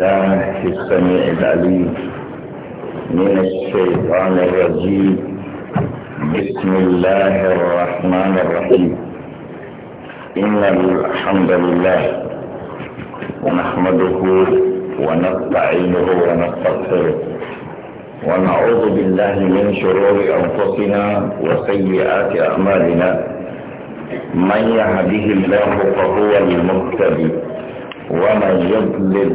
في السميع العليم من الشيطان الرجيم بسم الله الرحمن الرحيم إن الحمد لله ونحمده ونستعينه ونستغفره ونعوذ بالله من شرور أنفسنا وسيئات أعمالنا من يهده الله فهو المهتدي ومن يضلل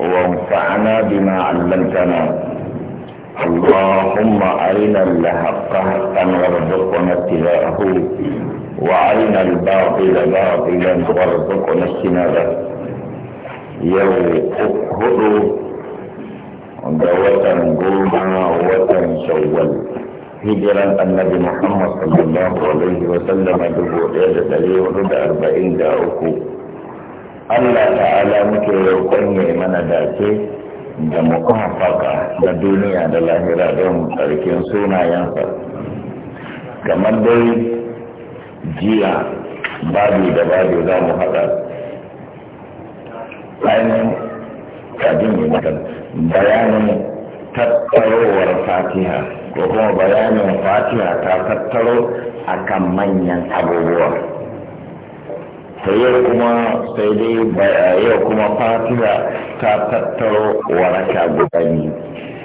وانفعنا بما علمتنا اللهم أرنا الحق حقا وارزقنا اتباعه وأرنا الباطل باطلا وارزقنا اجتنابه يوحد دواة جمعة وطن شوال هجرا النبي محمد صلى الله عليه وسلم بالبؤية لتليه رد أربعين دعوكو Allah ta'ala muke roƙon ya mana dace da mukamfaka da duniya da lahira don tsarkin sunayensa kamar dai jiya babu da babu za mu haɗa ainihin kajin yi bayanin tattarowar fatiha ko kuma bayanin fatiha ta tattaro akan manyan abubuwa to yau kuma sai dai yau kuma fatima ta tattaro waraka guda biyu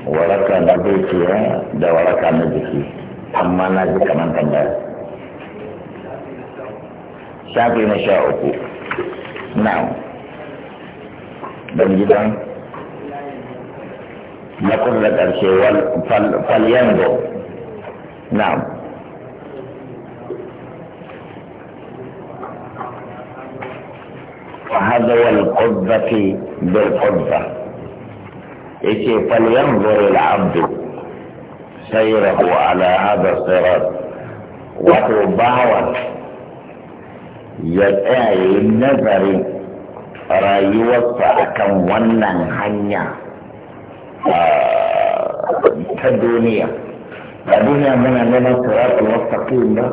waraka na zuciya da waraka na jiki amma na ji kamar tambaya shafi na sha uku Na. ban gidan na kulla ƙarshe fal yango Na. فهذا القبة بالقبة إتي فلينظر العبد سيره على هذا الصراط وربما يتعي النظر رأي رأيوك أكم ونن هنيا آه، في الدنيا الدنيا من أننا صراط مستقيم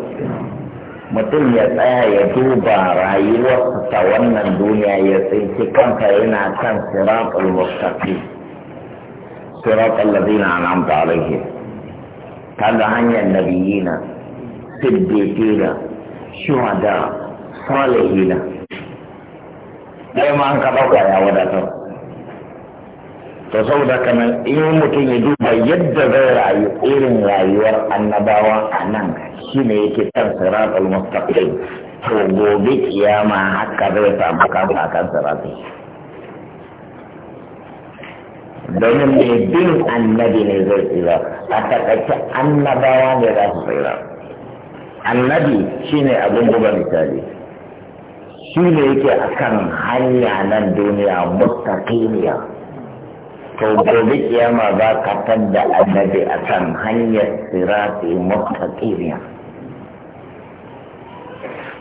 mutum ya tsaya ya duba rayuwarsa ta wannan duniya ya tsinci kanka yana kan siratul mustaqim siratul ladina an'amta alaihim kaga hanyar nabiyina siddiqina shuhada salihina dai ma an ka dauka ya wadatar to da kamar in mutum ya duba yadda zai rayu irin rayuwar annabawa a nan shi ne yake kan siratul mustaqim to gobe kiyama haka zai samu kansa akan siratul domin mai bin annabi ne zai tsira a takaice annabawa ne za su tsira annabi shine abin buga misali shi ne yake akan hanya nan duniya mustaqimiya to gobe kiyama za ka tadda annabi a kan hanyar sirati mustaqimiya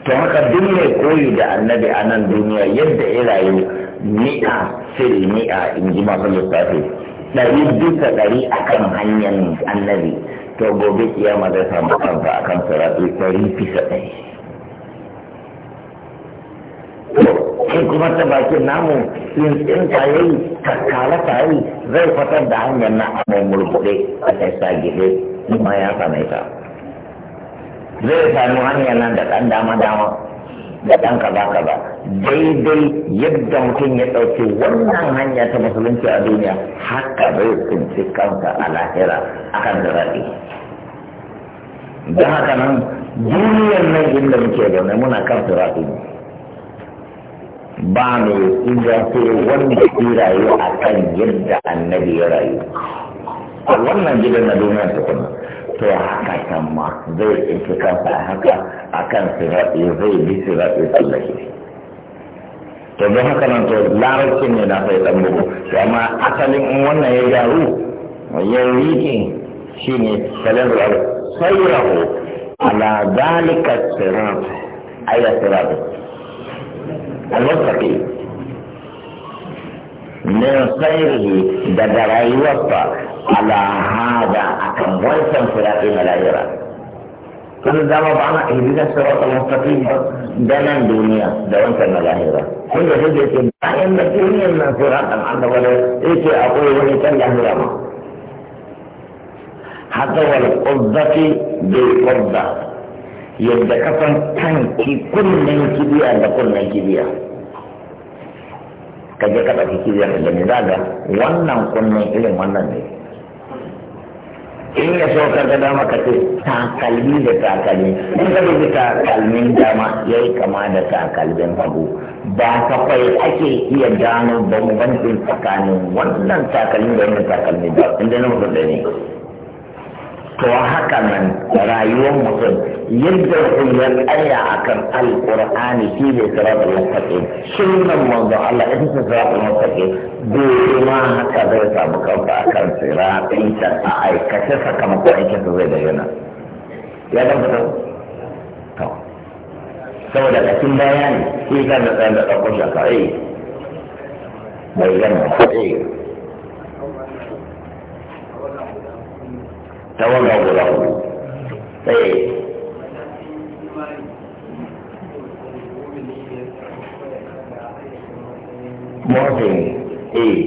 to haka duk mai koyi da annabi a nan duniya yadda ya rayu ni'a fil ni'a in ji masu lissafi ɗari duka ɗari a kan hanyar annabi to gobe kiyama zai samu kanka a kan sirati ɗari fisa ɗari shi kuma ta bakin namu tsintsin ta yayi kakkala ta zai fatar da hanyar na amon murkuɗe a kai sa gide kuma ya sanai ta zai sami hanyar nan da ɗan dama dama da ɗan kaza kaza daidai yadda mutum ya ɗauki wannan hanya ta musulunci a duniya haka zai tsinci kansa a lahira kan da zaɓi don haka nan duniyar nan inda muke zaune muna kan suraɗi ne ba mai tsira sai wanda ke rayu a kan yadda annabi ya rayu a wannan gidan na duniya ta kuma to haka can ma zai tsinci kansa a haka a kan siraɗi zai bi siraɗi tsallake to don haka nan to larabcin ne na sai ɗan bugu to amma asalin in wannan ya gyaru ya riƙe shi ne salin rahu sai rahu ala zalika sirat aya siraɗi alwasafi min khairihi daga rayuwarsa ala hada akan wancan sirati na lahira kun zama ba na ihdina sirat al-mustaqim da nan duniya da wancan na lahira kun da shi yake bayan da duniyar nan sirat al-annabawa yake wani kan lahira ma yadda kafan san kanki kunnen kibiya da kunnen kibiya ka je ka ɗauki kibiya da gani za wannan kunnen irin wannan ne in ya so ka ga dama ka ce takalmi da takalmi in ka dubi takalmin dama ya yi kama da takalmin hagu ba kafai ake iya gano bambancin tsakanin wannan takalmin da wannan takalmin ba inda na mutum da ne to haka nan rayuwar mutum yadda ya tsaya a kan alƙur'ani shi ne siratul mustaqim sunan manzo Allah ita ce siratul mustaqim gobe ma haka zai samu kanka a kan siratin ta a aikace sakamakon aikin sa zai bayyana ya ga mutum to saboda kacin bayani shi kan da tsayin da ɗaukar shaka eh bayyana eh tawaga guda hudu sai motsin eh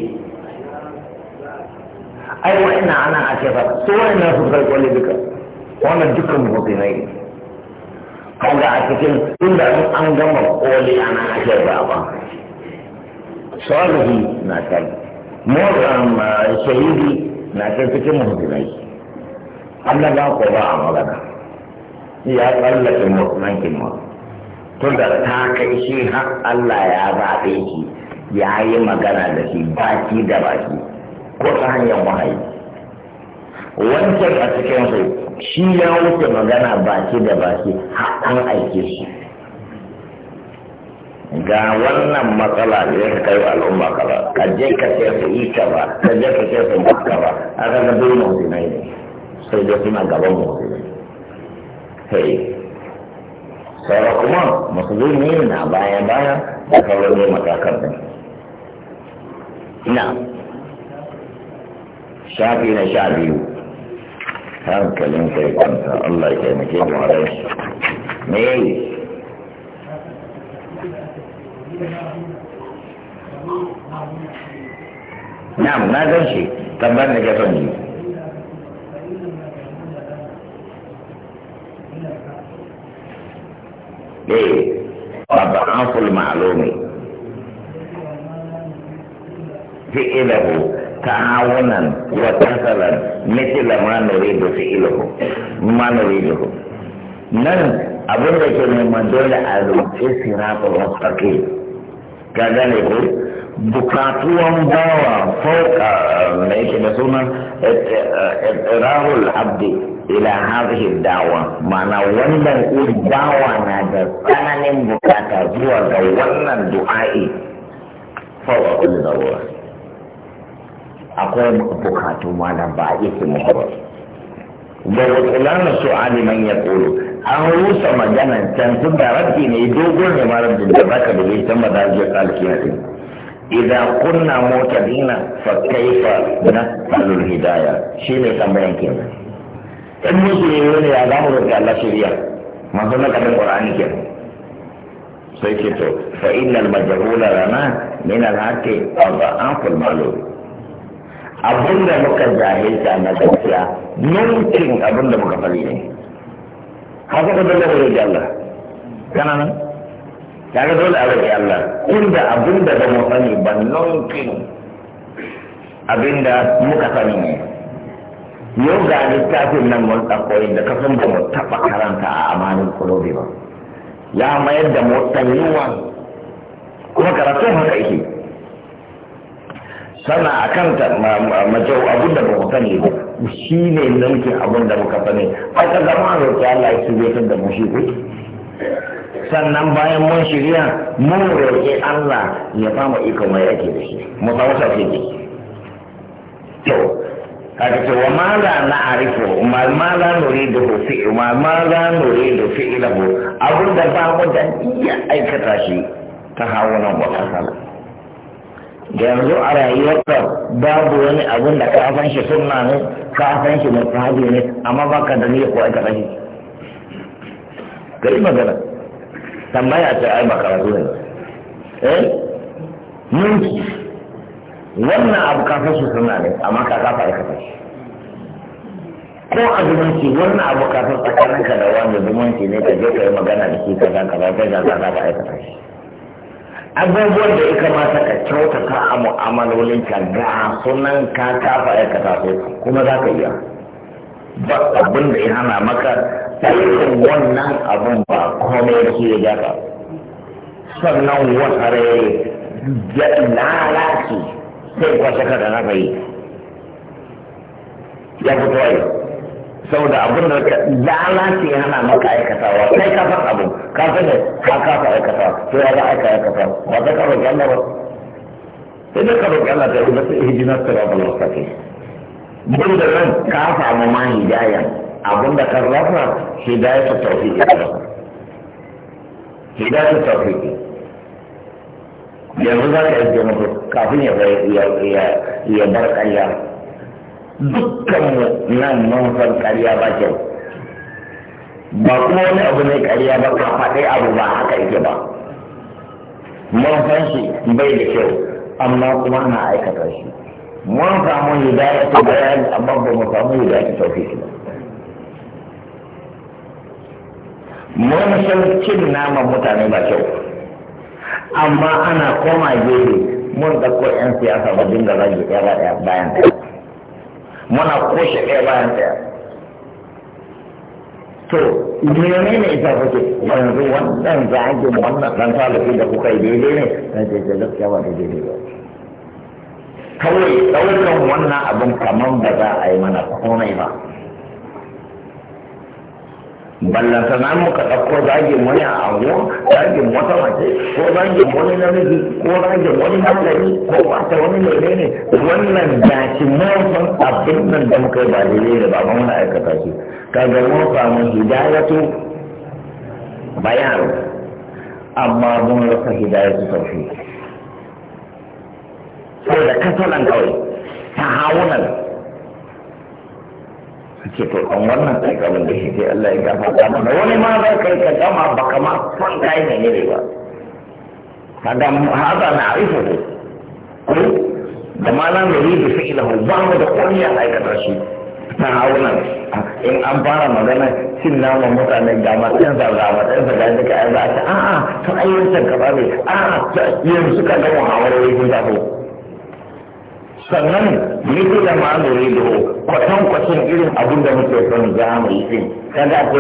ai wa'ina ana ake ba su wa'ina su kwalli duka wannan dukkan motsinai ne kaga a cikin inda an gama koli ana ake zaba salihi na kai motsa shahidi na kai cikin muhimmanci Allah ba ko ba a magana ya tsallake mutumankin ma tun da ta kai shi har Allah ya zaɓe shi ya yi magana da shi baki da baki ko ta hanyar wahayi wancan a cikin su shi ya wuce magana baki da baki har an aike shi ga wannan matsala da ya kai wa al'umma ka ba ka je ka ce su yi ka ba ka je ka ce su ba ka ba a ga dole mutumai ne sọ́rọ̀ sai dai suna gaban musulmi hey sauran kuma musulmi na baya baya da ìkẹ́ ní kí ni matakan din na shafi na kele n ke kai kwanta Allah ya ki mu a rai me na'am na gan shi tabbar da ga yi. eh وضعف المعلوم فعله تعاونا وتسلا مثل ما nan da ke neman dole a roƙe ko bukatuwan bawa fauka da yake da sunan irarul abdi ila hadhihi dawa mana wannan dawa na da tsananin bukata zuwa ga wannan du'a'i fauka kulli darura akwai bukatu mana ba isi muhabbar da wakilan su aliman ya tsoro an rusa maganan can tun da rabbi ne dogon ne ma rabbi da baka da zai san madajiyar alkiyar idza kunna mota mutadina fa kaifa nasalu hidayah shi ne tambayan ke in musulmi ne ne ya zamu roƙi Allah shirya, masu na kadan qur'ani ke sai ce to fa innal majhula lana min al haqqi wa ba'aful malum abinda muka jahilta na gaskiya mulkin abinda muka fari ne haka da dole ne ga Allah kana nan kaga dole a rage Allah da abin da ba mu sani ba nonkin abin da muka sani ne yau ga littafin nan mun tsakoyi da kasan ba mu taɓa karanta a amanin kulobi ba ya mayar da mu sanyuwa kuma karatu haka yake sana a kanta majau abin da ba mu sani ba shi ne nonkin abin da muka sani ba ka zama a roƙi Allah ya su da mu shi ko sannan bayan mun shirya mun roƙi Allah ya ba mu iko mai yake da shi mu ba wata ce to kaga to wa ma la na'rifu ma ma la nuridu fi ma ma la nuridu fi ilahu abun da ba mu da iya aikata shi ta ta sala da yanzu a rayuwarka babu wani abun da ka san shi sunna ne ka san shi mutahabi ne amma baka da ni ko aikata shi kai magana tambaya ce ai ba karatu ne eh mulki wannan abu ka su suna ne amma ka kafa fara kafa ko a zumunci wannan abu kafin tsakanin ka da wanda zumunci ne ka je ka yi magana da shi ka ba kai ga kaza ka ai kafa abubuwan da ya kamata ka kyautata a mu'amalolin ka ga sunan ka kafa fara kafa kuma za ka iya ba abin da ya hana maka tsayin wannan abun ba kome da su ya gaba sannan wasare ya lalace sai shaka da na yi ya fito yi saboda abin da ka lalace hana maka aikatawa sai ka san abin ka san ne ka kasa aikata to ya za aika aikata ba ta karo gyalla ba sai da karo gyalla ta yi ba sai hijinar sirabul wasafi bin da nan ka samu ma hidayen abin da kan rafa hidayatu tauhidi ta tafi tauhidi yanzu za ka yi mutu kafin ya ya bar ƙarya dukkan nan mun san ƙarya ba kyau ba kuma wani abu ne ƙarya ba ka faɗi abu ba haka yake ba mun san shi bai da kyau amma kuma na aikata shi mun samu ta bayani amma ba mu samu tafi tauhidi ba mun san cin naman mutane ba kyau amma ana koma gefe mun ko 'yan siyasa ba dinga zagi ɗaya ɗaya bayan ɗaya muna koshe ɗaya bayan ɗaya to mene ne ita kuke yanzu wannan gina wannan ɗan talafi da kuka yi daidai ne na daidai gaskiya ba daidai ne ba kawai ɗaukan wannan abin kamar ba za a yi mana komai ba ballantana muka ɗauko zagin wani a anguwa zagin wata mace ko zagin wani namiji ko zagin wani magani ko wata wani mene ne wannan dace mawafin abin nan da muka yi ba daidai da ba wani aikata shi kaga mun samu hidayatu bayan amma mun rasa hidayatu taufi da kasalan kawai ta hawunan suke to an wannan kai da shi sai Allah ya gafarta mana wani ma za ka yi ka gama ba kama son ka yi ne ba kada haza na arifa ne da malam da yi da ilahu ba mu da komai a aikata shi ta haunan in an fara magana cin nama mutane ga matsayin sa ga matsayin sa ga duka za a ce a'a ta ai wancan ne a'a yanzu ka ga muhawarar yi kun tafi sannan mutu da ma'amuri da kwaton-kwaton irin abin da muke son zamu mu yi din kada ko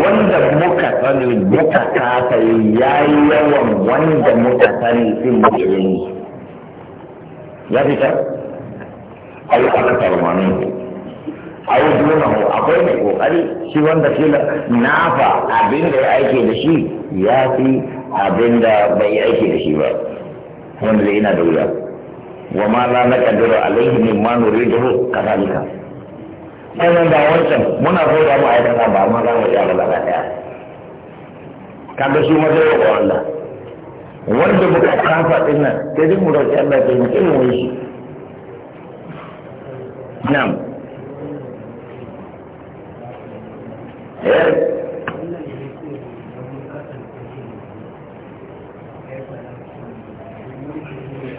wanda muka sani muka kasa yi ya yi yawan wanda muka sani sun muke yi ya fi ta? Ayi aka tarmani a yi dunahu akwai mai kokari shi wanda na nafa abin da ya aike da shi ya fi abin da bai aike da shi ba wanda yana da wuya wa ma na naqdiru alaihi mimma nuriduhu kadhalika sannan da wancan muna koya mu aikata ba amma za mu iya ba gaba daya kaga shi ma zai wa Allah wanda muka kafa din nan sai dai mu roki Allah ya yi mu shi na'am eh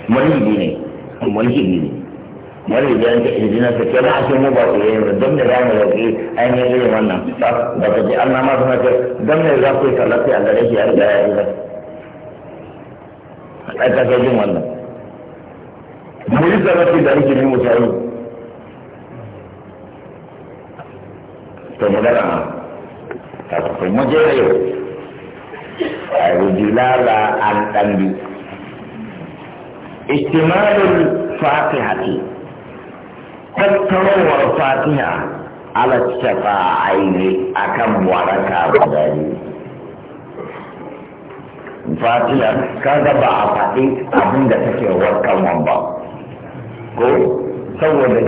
مريدي mulhidi ne wani da yanke izina ta kira a cikin ba ku yi don ne za mu yauki ainihin irin wannan ba ka ce an nama suna ce don ne za ku yi talafi a gare shi ya riga ya a wannan mu yi da rikin mu sauri to magana ta kafin mu je yau a an ijtimalul fatihati tattarowar fatiha ala shafa'aini akan waraka guda biyu fatiha kaga ba a faɗi abin da take warkarwan ba ko saboda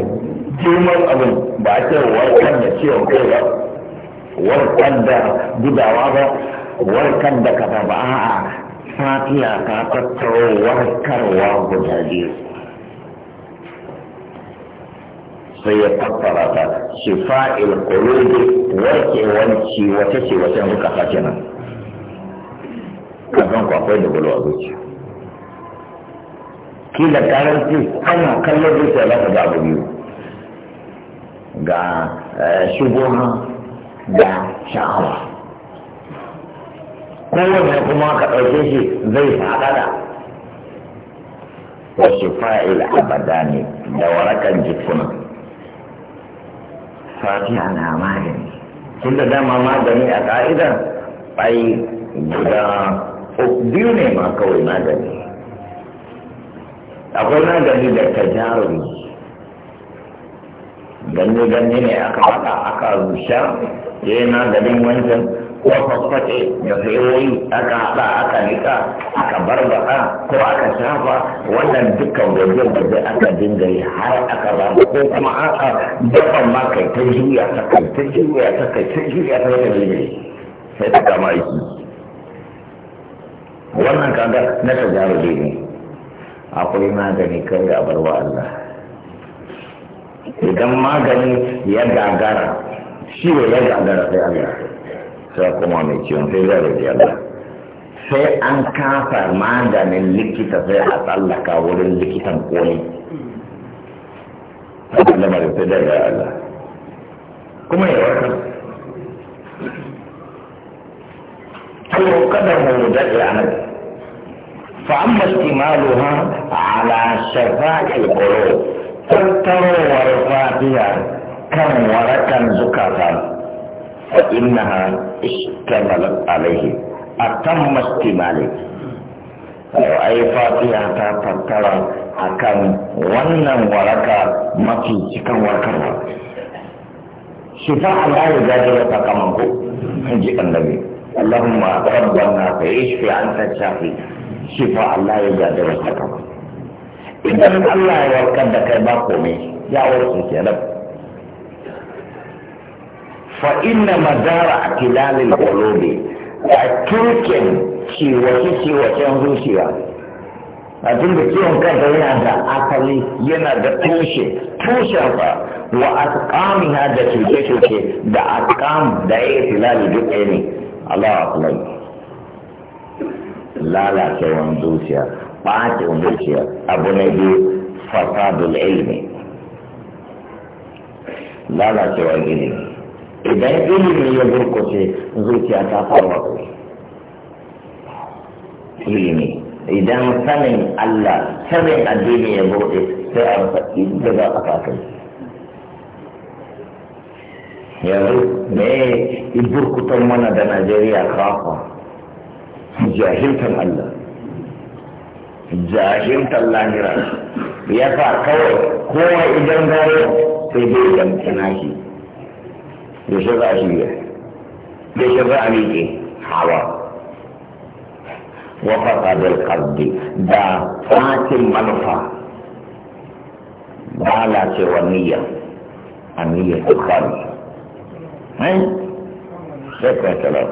girman abin ba a ce warkar da ciwon kai ba warkar da gudawa ba warkar da kafa ba a'a fatiya ta tattaro warkarwa guda biyu sai ya tattara ta shi shifa'il qulubi wata ciwace ciwacen zukata kenan kafin ku akwai da bulu a Ki da karanci ana kallon zuciya za ka ga abu biyu ga eh, shubuha da sha'awa kowane kuma ka ɗauke shi zai faɗaɗa wasu fa'il abada ne da warakan jikuna fatiha na magani tun da dama magani a ƙa'idar ai guda biyu ne ma kawai magani akwai magani da jarumi ganye-ganye ne aka haɗa aka rusha ya yi maganin wancan ko fasfake da sayoyi aka haɗa aka nika aka barbaka ko aka shafa wannan dukkan da zai aka dinga yi har aka zama ko kuma aka dafa ma kai ta juya ta kai ta juya ta kai ta juya ta kai ta juya sai ta kama yi wannan kaga na ta jaro ne akwai magani kai da abarwa Allah idan magani ya gagara shi ya gagara sai Allah sai kuma mai ciwon sai zai rage Allah sai an kafa maganin likita sai a tsallaka wurin likitan koli haka lamarin sai daga Allah kuma ya warkar to kada mu daɗe a nan فأما استعمالها على شفاء القلوب ترتر ورفاتها كم ورقا زكاة fa inna ha iskamal alaihi a kan maski male ayi fatiha ta fakara a kan wannan waraka mafi cikin warkar ba shi fa an ayi gajin ta an ji kan nabi allahumma na ta yi shi an ta shafi shi idan allah ya warkar da kai ba komai ya wasu fa inna madara a kilalin kolobe a turken ciwace-ciwacen zuciya a tun da ciwon kanta yana da asali yana da tushe tushensa wa asqami da cuce-cuce da asqam da ya yi filali duk ɗaya ne Allah akwai lalacewan zuciya ɓacin zuciya abu na biyu fasadul ilmi lalacewan ilimi idan ilimi ya burkuce zuciya ta fara ilimi idan sanin Allah sanin addini ya bude sai a rasa inda za a kafa yanzu me burkutan mana da Najeriya kafa jahiltan Allah jahiltan lahira ya fa kawai kowa idan gare sai dai idan kina shi yaushe za a ne, yaushe za a miƙe hawa wa fasadar kardi da fatin manufa lalacewar niyya a niyyar tsakani hai eh? sai kan salar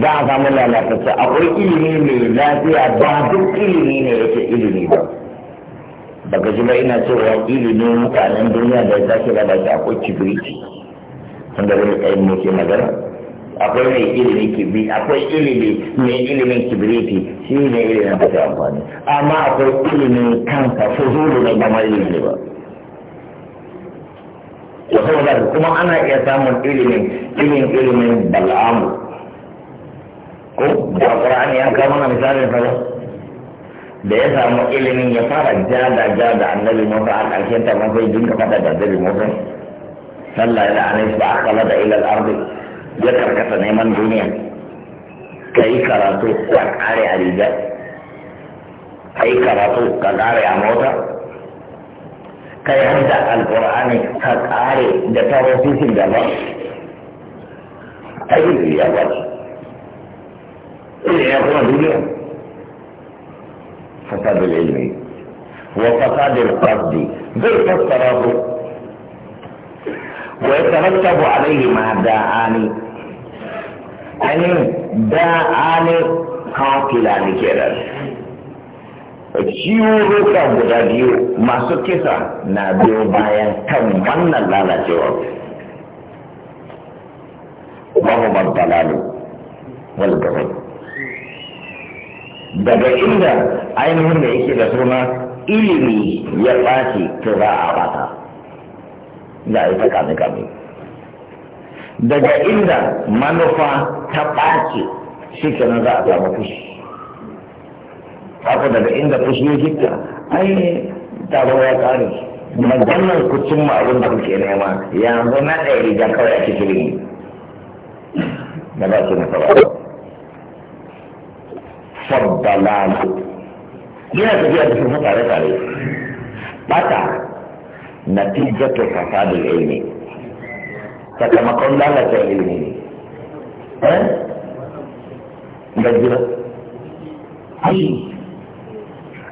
za eh. a samu lalatacce akwai ilimi mai lafiya ba duk ilimi ne yake ilimi ba baka ji ba ina cewa ilimin mutanen duniya da ya tashi raba shi akwai kibiriti wanda wani tsayin ne ke magana akwai mai ilimin kibiriti akwai ilimi mai ilimin kibiriti shi ne ilimin da amfani amma akwai ilimin kansa fuzulu ne ba mai ne ba saboda kuma ana iya samun ilimin ilimin ilimin bal'amu ko da ƙur'ani ya kama na misalin da ya samu ilimin ya fara jada jada annabi musa a ƙarshen ta mafi dinka fada da annabi musa sallah ila anais ba akala da ila al-ardi ya karkata neman duniya kai karatu ka kare a riga kai karatu ka kare a mota kai hanta alqur'ani ka kare da tawasifin da ba ai ya ba ya kuma duniya فساد العلمي وفساد بالقصد راضي ويترتب عليه ما داعان يعني داعان قاتلان كده ciwuruka روكا بغاديو ما kisa na بايا bayan kan wannan جواب وهما الضلال والبغي daga inda ainihin da yake da suna ilimi ya ɓaci to za a bata za a yi ta kame kame daga inda manufa ta ɓaci shi nan za a samu fushi haka daga inda fushi ya jikta ai taro ya kare maganar ku cimma abin da kuke nema yanzu na ɗaya rigar kawai a cikin da ba su nasara ba faddalalu yana tafiya da sun tare tare bata natijatu fasadul ilmi sakamakon lalata ilmi ne eh da jira ai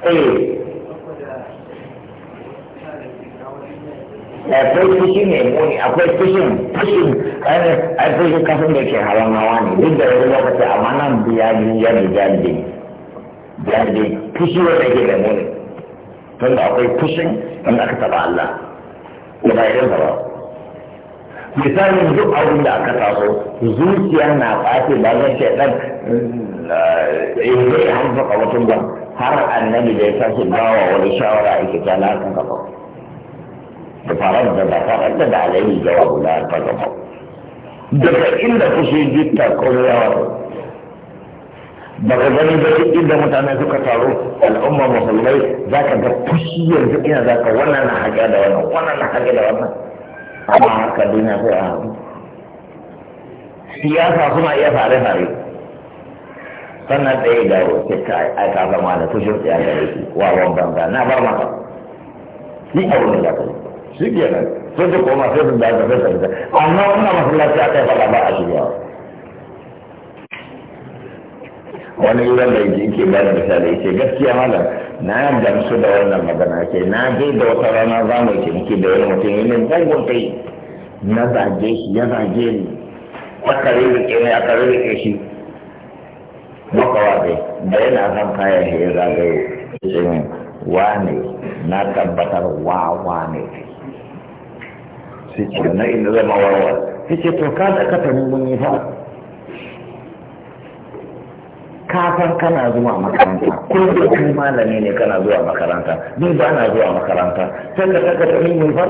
eh akwai fushi ne muni akwai fushin fushin ai fushin kasan da ke hawan hawa ne duk da wani lokaci amma nan biya biya da jande jande fushi wanda ke da muni tun da akwai fushin wanda aka taba Allah da ba irin ba misalin duk abin da aka taso zuciya na ɓace ba zan ce ɗan in eh, eh, zai hanzu a ba har annabi da ya tashi bawa wani shawara a ita ta lafiya gaba فتردد فردد عليه جواب لا تغضب daga inda kushe jitta kome yawa daga gani da duk inda mutane suka taru al'umma musulmai za ka ga fushi yanzu ina za ka wannan na haƙe da wannan wannan na haƙe da wannan amma haka duniya sai a haɗu siyasa suna iya fare-fare sannan ɗaya ga wace ta aika zama da fushin tsaya da yake wawan banza na bar maka ni abu ne za ka yi shi kenan sai ta koma sai su daga sai su amma wannan masallaci aka kai faɗa ba a shirya wani yuran da yake ba da misali ce gaskiya malam na gamsu da wannan magana ke na je da wata rana za mu ce muke da wani mutum yi ne zangon kai na zage shi ya zage ni aka rike ne aka rike shi makawa dai da yana son kayan shi ya zagaye shi ne wane na tabbatar wa wane sai ce na inda zama wawa sai ce to ka da kata mun yi fa ka san kana zuwa makaranta kullum kai malami ne kana zuwa makaranta ni ba na zuwa makaranta sai da kaka ta mun yi fa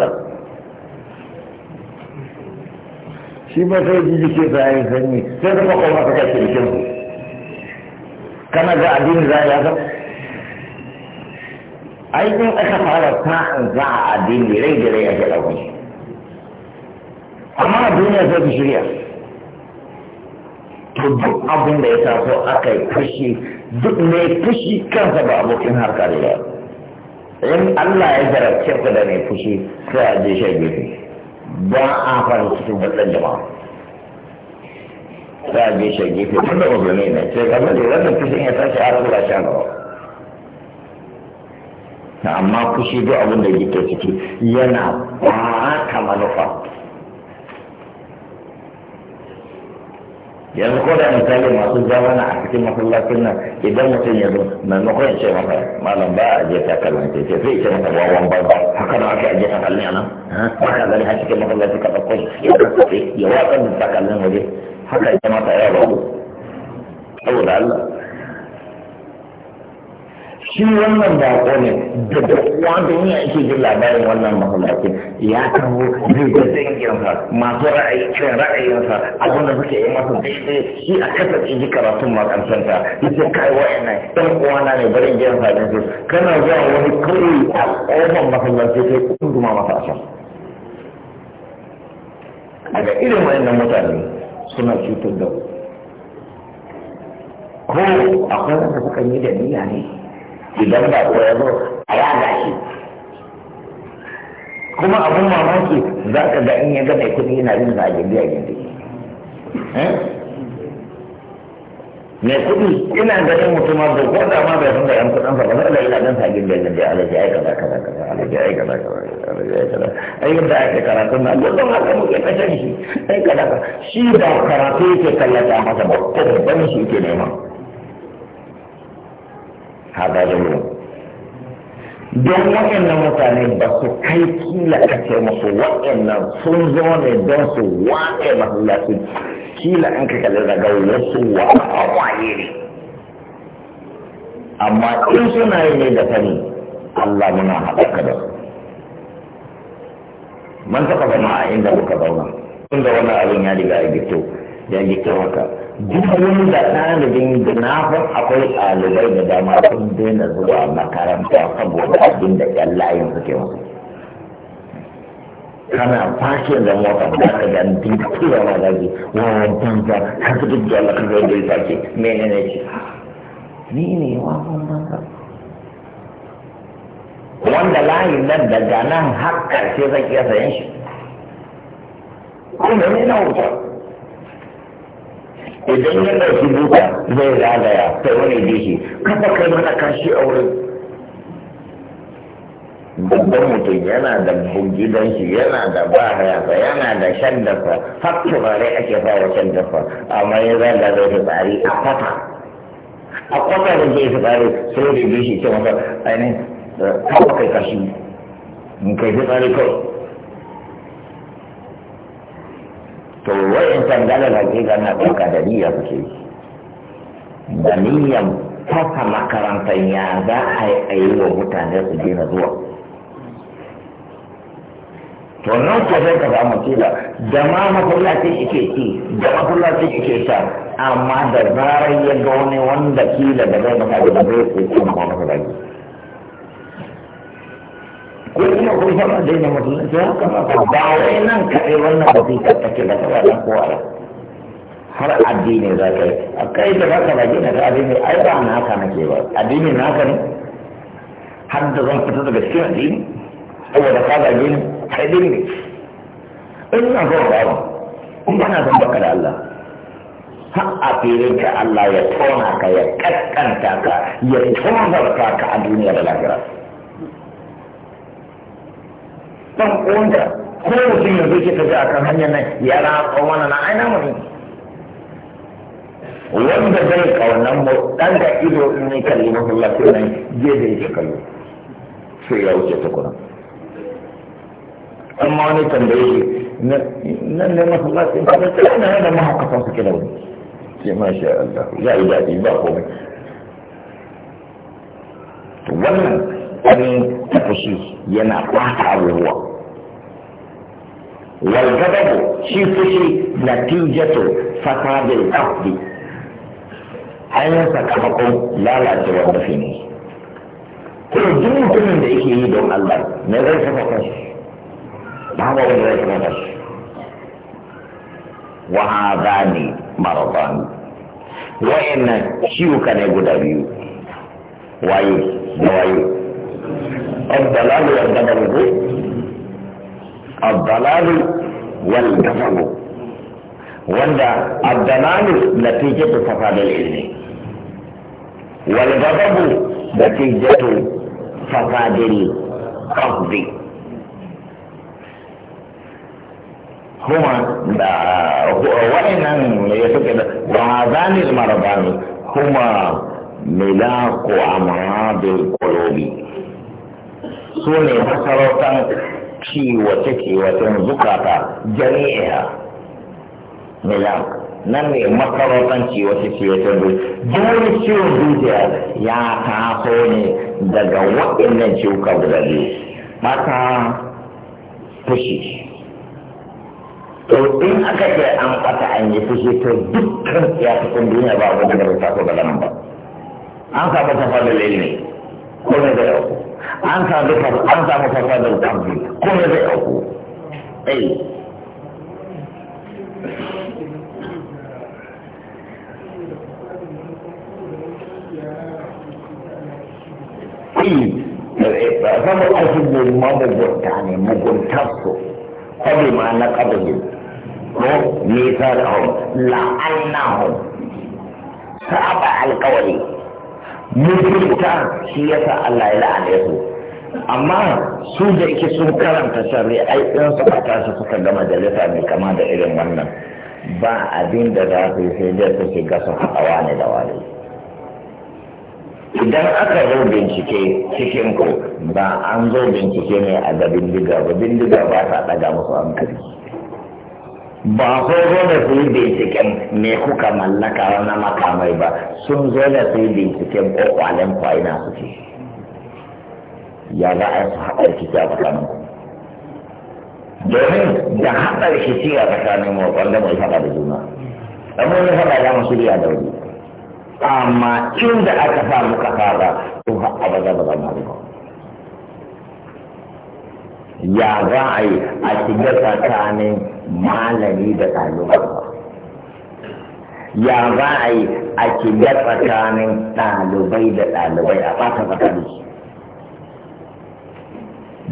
shi ba sai ji ke sa yi sanyi sai da makon ka kake jikin ku kana ga addini za ya san aikin aka fara sa'an za a addini rai da rai ake ɗaukar shi amma a duniya sai ku shirya to duk abin da ya taso aka yi fushi duk mai fushi kansa ba abokin harka da ya in Allah ya zara ku da mai fushi sai a je shan gefe ba a fara cikin wannan jama'a sai a je shan gefe wanda ba musulmi ne sai kamar da wannan fushin ya tashi a kula shan gaba amma fushi duk abin da yake ciki yana ba ka manufa yanzu ko da misali masu zamana a cikin masallacin nan idan mutum ya zo maimakon ya ce masa malam ba a je ta kallon ce ce sai ce masa wawan ba ba haka na ake aje ta kallon nan haka ka gani a cikin masallaci ka ɗauko ya ya da ta kallon waje haka ya mata ya rabu saboda Allah shi wannan ko ne da da kuwa duniya yake jin labarin wannan mahalaki ya kawo zai ga danginsa masu ra'ayi kiran ra'ayinsa abin da suke yi masa daidai shi a kasa ji karatun makarsanta yace kai wa'annan ɗan uwana ne bari gidan yanzu su kana zuwa wani kawai a ƙofar masallaci sai kunduma masa a can daga irin wa'annan mutane suna cutar da ko akwai wanda suka yi da niyya ne idan ba ko ya zo a yaga shi kuma abun mamaki za ka ga in ya ga mai kuɗi yana yin sa a gindi a eh? mai kuɗi ina ganin mutum a bai kwanta ma bai san da yan kuɗin sa ba sai da ina sa a gindi a gindi alaji ai kaza kaza kaza alaji ai kaza kaza alaji ai kaza ai yadda ake karatu na gudun haka muke ta shi ai kaza shi da karatu yake kallata masa ba kuma ban shi yake neman hadarinmu don waɗannan mutane ba su kai kila ka ce musu waɗannan sun zo ne don su waɗe masallaci kila an ka kalli daga wasu wa a waye ne amma in suna yi ne da sani Allah muna haɗaka da su man taɓa zama a inda muka zauna tun da wani abin ya riga ya gito ya gito haka duk wani da ɗalibin da na akwai ɗalibai da dama sun daina zuwa makaranta saboda abin da ƴan layin suke musu kana fashe da mota da ka ga din tura ma da ji wa banza ka ga duk da Allah ka ga da yake menene ce ni ne wa banza wanda layin nan daga nan har karshe zai iya sayan shi ko menene na wuce. idan ya ɗauki duka zai zagaya ta wani bishi kafa kai mana kashi a wurin babban mutum yana da gidan shi yana da hayata, yana da shan dafa har turare ake fara shan dafa amma ya zaga zai tsari a kwata a kwata da zai tsari sai da bishi ce masa ainihin kafa kai kashi in kai tsari kawai to wa'in can galar hakika na ɗauka da niyya suke da niyyan fasa makaranta ya za a yi wa mutane su na zuwa to nan ko sai ka samu kila da ma masallacin ike ci da masallacin ike ta amma da zarar ya ga wani wanda kila da zai maka da zai ko kuma masallacin ko ina kun fara daina musulunci haka ma fa ba wai nan kaɗai wannan ta take da kawai ɗan kowa har addini za ka yi a kai da haka ba gina ta addini ai ba na haka ke ba addini na haka ne har da zan fita daga cikin addini saboda ka zage ni ai din ne in na so ba ba in ba na son baka da Allah har a filin ka Allah ya tona ka ya kaskanta ka ya tona ka a duniya da lafiya ɗan uwanta ko mutum yanzu ke tafi a kan hanyar nan ya rafa mana na aina mu ne wanda zai kaunan mu ɗan da ido in ne kalli masallaci nan je da yake kallo sai ya wuce tukuna amma wani tambaye shi nan ne masallacin ka da suke da wani Allah ya yi daɗi ba komai wannan wani tafashi yana ɓata abubuwa والغضب شي فشي نتيجة فساد الأرض أين سكبكم لا لا جواب فيني كل جمع كل ذلك يدون الله ما غير سبقش ما هو غير سبقش وهذان مرضان وإن شيوك نجد بيو وايو وايو الضلال والغضب abdalalu wal gafalu wanda abdalalu natijatu fasadul ilmi wal gafalu natijatu fasadul هما وإن يفكر وهذان المرضان هما ملاك أمراض القلوب سوني مسرطان kiwace-kiwacen zukata jami'a milan nan ne makarotan kiwace-kiwacen zuciya dole ciwon zuciya ya taso ne daga waɗannan ciwuka guda biyu maka fushi to in aka ce an ɓata an yi fushi to dukkan ya iyakacin duniya ba abin da ba ta so daga nan ba an samu tafa da lalle ko ne da yau an samu an samu fasadar arzi kuma zai auku ai sama asibu mabugunta ne muguntarsu kwabi ma na ƙadabin ko nisa da hau la'annahum saba alkawari mutunta shi yasa Allah ya la'ane su amma su da ike sun karanta shari'ai ɗin su su suka ga majalisa mai kama da irin wannan ba abin da za su yi sai dai su shiga su haɗa wane da wane idan aka zo bincike cikin ku ba an zo bincike ne a ga bindiga ba bindiga ba ta ɗaga musu hankali ba ko zo da su yi binciken me kuka mallaka na makamai ba sun zo da su yi binciken ko kwalen kwaina suke. ya za a haɗa rikici a tsakanin domin da haɗa rikici a tsakanin mu wanda mai faɗa da juna amma wani faɗa za mu shirya da wuri amma inda aka sa muka fara to har abada ba za mu haɗu ba ya za a yi a shiga tsakanin malami da ɗaliban ya za a yi a shiga tsakanin ɗalibai da ɗalibai a ɓata tsakanin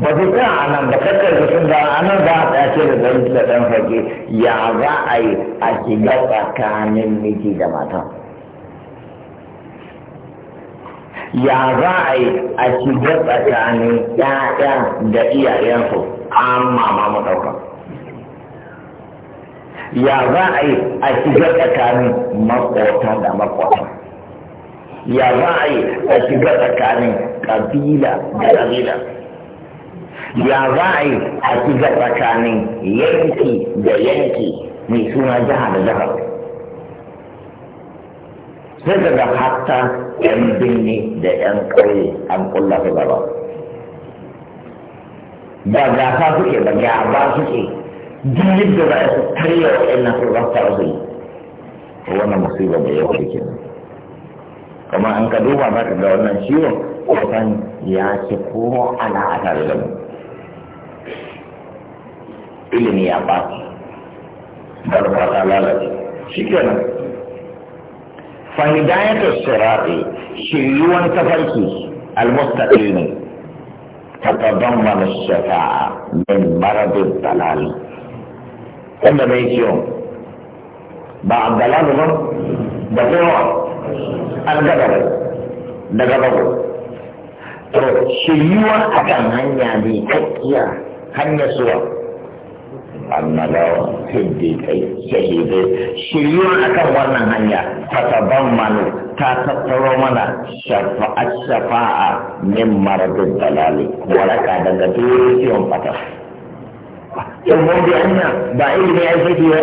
ba su tsaya a nan ba kakkar da sun gana a nan za a tsace da zai da ɗan fage ya za a yi a shiga tsakanin miji da mata ya za a yi a shiga tsakanin ƴaƴan da iyayensu an mama mu ɗauka ya za a yi a shiga tsakanin makota da makota ya za a yi a shiga tsakanin ƙabila da ƙabila ya za a yi a shiga tsakanin yanki da yanki mai suna jiha da jiha sai daga hatta yan binne da yan ƙauye an kulla su gaba ba gasa suke ba gaba suke duk yadda za a su karya wa ƴan nasu rafta su yi wannan musibar da yau ke kamar an ka duba za ka ga wannan ciwon kusan ya ce ko ala a tare da mu ilimi ya ɓaci barka ta lalace shi kenan fahidayatul sirati shiryuwan tafarki al-mustaqim tatadammanu shafa'a min maradin dalali wanda mai ciwon ba a dalalu ba da kuma an gaba daga babu to shiryuwa kan hanya ne kakkiya hanyar suwa annabawa siddiƙai shahidai shiryun akan wannan hanya fatabammanu ta tattaro mana shafa'at shafa'a min maradin dalali waraka daga dole ciwon fata in mun bi hanya ba ilimi ya ce ba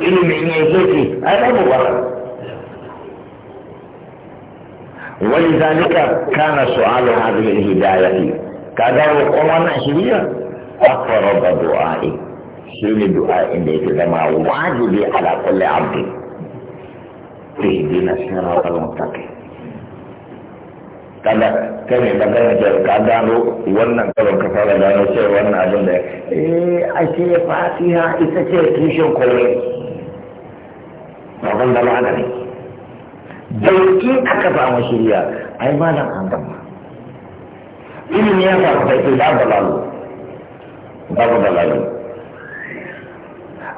ilimin ya ce ce ai babu ba ولذلك كان سؤال هذه الهداية كذا وقوانا شريعة in دعائي شين دعاء wajibi ala واجبي على كل عبد shara الصراط المستقيم kada kai ne magana da ka gano wannan karon ka fara gano cewa wannan abin da eh ashe fatiha ita ce tushen komai babban da ma'ana ne dauki aka samu shirya ai malam an gama ilimi ya faru da ila balalu babu da layi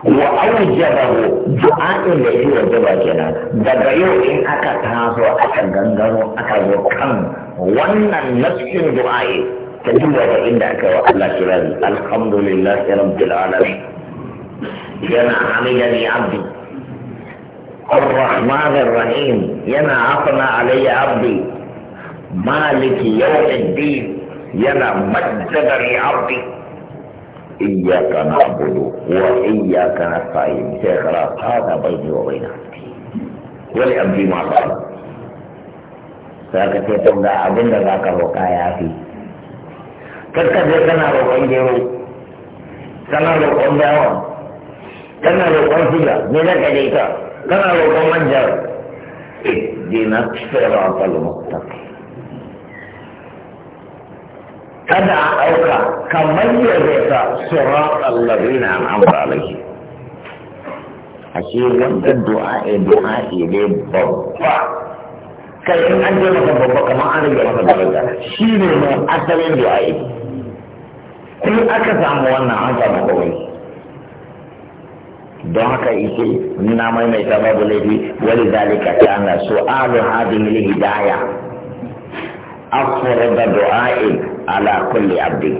wa aujabahu du'a'in da yi wa jaba kenan daga yau in aka taso aka gangaro aka zo kan wannan nafsin du'a'i ta duba da inda aka yi wa Allah kira alhamdulillah rabbil alamin yana hamidani abdi الرحمن الرحيم ينا عفنا علي عبدي مالك يوم الدين ينا مجدني عبدي Ibi a kana abudu, wa ibi a kana sa'in, sai karam a ka bai ni babai na. Wani abu ɗin wa? K'a ka toso a binda a ka ya fi. K'a ka ta'a ka na babai n'iru? K'a na lukon da awa? K'a na lukon siɗi a? Ni ka ta'i ni sa? K'a na lukon a ka ta'a kada a ɗauka kamar yadda ta sura allazina an'amta alaihi ashe wannan du'a du'a'i ne babba kai in an je maka babba kamar an rage maka daraja shi ne mai asalin du'a'i kun aka samu wannan an samu kawai don haka ike mai maimaita babu laifi wani zalika ta ana su'alu hadin hidaya da du'a'i ala kulli abdi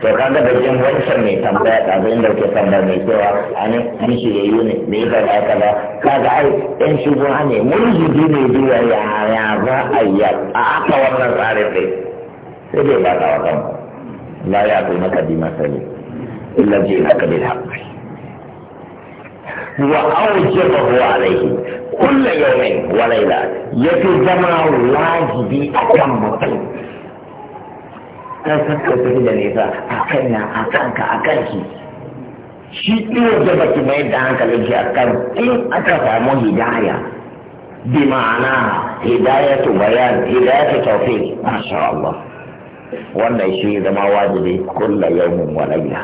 to kaga da jin wancan mai tambaya da abin da ke tambaya mai cewa an shi da yi ne me ya da ka ba kaga ai ɗan shugaba ne mulhidi ne duwa ya ya za a yi a aka wannan tsarin dai sai dai ba ka wata ba la ya tu maka bi masali illa ji haka bil haqqi wa awjabahu alayhi kullu yawmin wa layla yafi zama wajibi akan mutum kai kanka tafi da nisa a kan na a kan ka a kan ki shi iya da baki mai da hankalin ki a kan in aka samu hidaya bi ma'ana hidayatu bayan hidayatu tawfiq masha Allah wannan shi zama wajibi kulla yawmin wa layla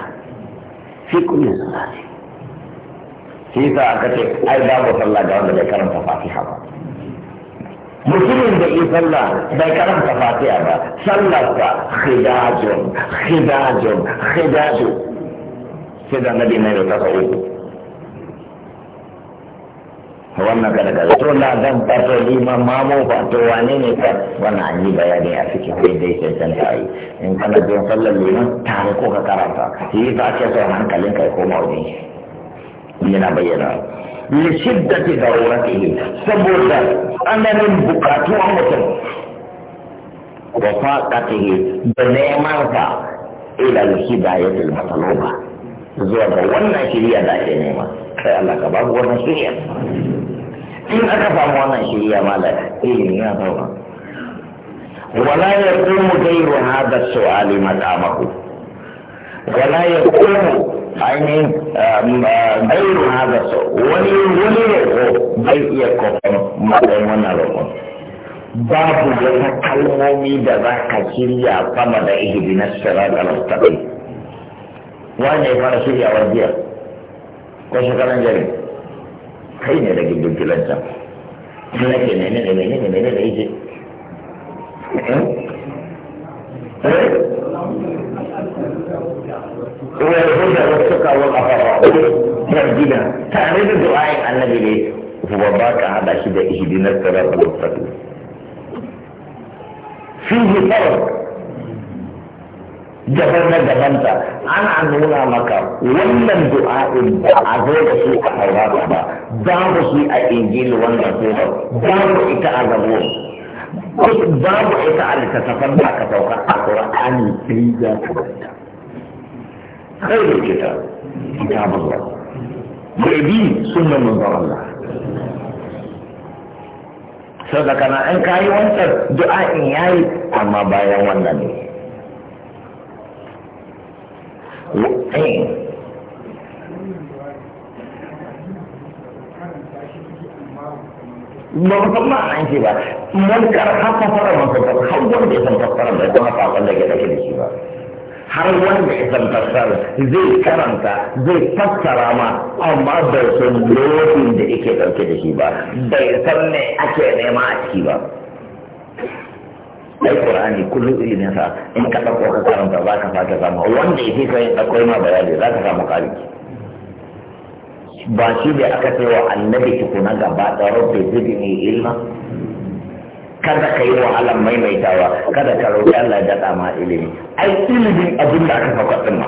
fi kulli salati shi yasa aka ce ai babu sallah ga wanda bai karanta Fatiha ba mutumin da yi sallah bai karanta fatiha ba sallarsa khidajun khidajun khidajun sai da nabi mai da ta uku wannan ka daga to na zan fato liman mamo ba to wane ne ka wani an yi bayani a cikin kai dai sai san ta yi in kana jin sallar liman tare ko ka karanta yi ba ke son hankalin kai koma mawuni yana bayyana da shiddati daruratihi saboda tsananin bukatuwan mutum wa faqatihi da neman sa ila hidayatil ba, zuwa ga wannan shirya da ake nema kai Allah ka babu wannan shirya in aka samu wannan shirya mala ilimi ya zauna wala yaqumu ghayru hadha as-su'ali maqamahu wala yaqumu ainihin bayin haza wani wani roƙo bai iya kofin matsayin wannan roƙon babu wata kalmomi da za ka shirya sama da ihdinas siratal mustaqim wani ya fara shirya wa jiya ko shekaran jari kai ne da gidin can Allah ke ne ne ne ne ne ne ne ne ruwa da hujja da suka wa kafafa tarjina tare da du'ayin annabi ne kuma ba ka hada shi da ihdinar siratal mustaqim fihi farq daban na dabanta ana nuna maka wannan du'a'in ba a zo da su a taurata ba babu shi a injil wannan surar babu ita a zabuwa ba babu ita a littattafan da aka sauka a ƙur'ani sai za ka bada kai da ta kitabun ba mai bi sunan manzon Allah sau da kana an kayi wancan du'a ya yi amma bayan wannan ne eh. ba ku san ma'anan shi ba munkar har fasara munkar har wanda ya san fasara bai kuma sakon da ke ɗauke da shi ba har wanda ya san fasara zai karanta zai fassara ma amma bai san lokacin da yake ɗauke da shi ba bai san me ake nema a ciki ba ai qur'ani kullu ilimin sa in ka dauko ka karanta za ka fata samu wanda yake kai akwai ma bayani za ka samu ƙari ba shi ne aka ce wa annabi tukuna gaba da rabbi zidni ilma kada ka yi wahala maimaitawa kada ka roƙi Allah da daɗa ma ilimi ai ilimin abin da aka faɗa din ma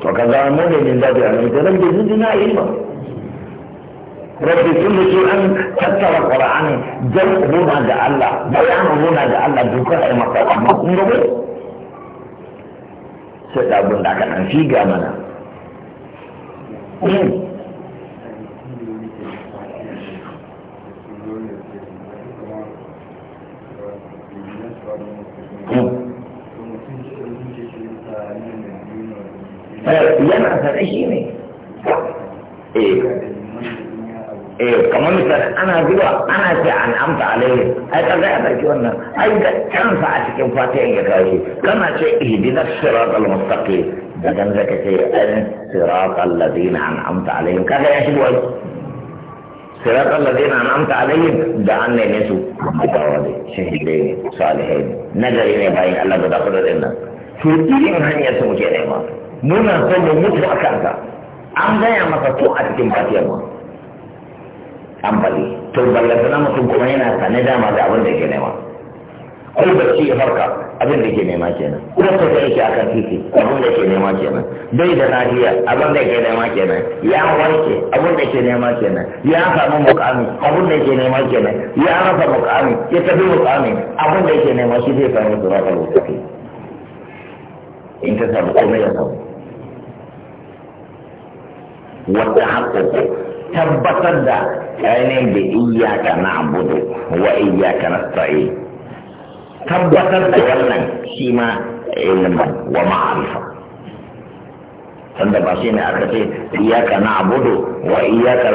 to kaza zama mu ne min ne an ita rabbi na ilma rabbi kullu shi an tattara qur'ani dan ubuna ga Allah bayan ubuna ga Allah dukkan ai maka amma kun ga mu sai da abin da aka dan mana Eh, yana faɗa shi ne eh, eh kamar misali ana zuwa ana ce an amta alaihi ai kaga ya ɗauki wannan ai da kansa a cikin fatiyan ya kawo kana ce ihdinas siratal mustaqim da dan zaka ce an sirat alladhina an'amta alaihim kaga ya shigo ai sirat alladhina an'amta alaihim da an ne ne su da wani shahidai salihai nagari ne bayan Allah da dafa da nan to irin hanyar su muke nema muna son mu mutu a kanka an gaya masa ko a cikin fatiyar ma. an bali to ballantana mutum kuma yana sane dama da abin da ke ma. kai bacci ya farka abin da ke nema kenan kuma ta ga yake akan titi abin da ke nema kenan bai da nahiya abin da ke nema kenan ya wanke abin da ke nema kenan ya samu mukami abin da ke nema kenan ya rasa mukami ya tafi mukami abin da ke nema shi zai samu zuwa ga lokaci in ka samu komai ya samu wata haƙƙoƙo tabbatar da ainihin da iyaka na abudu wa iyaka na sa'i tabbatar da wannan shi ma ilman wa ma'arifa sanda ba shi ne a kace iyaka na abudu wa iyaka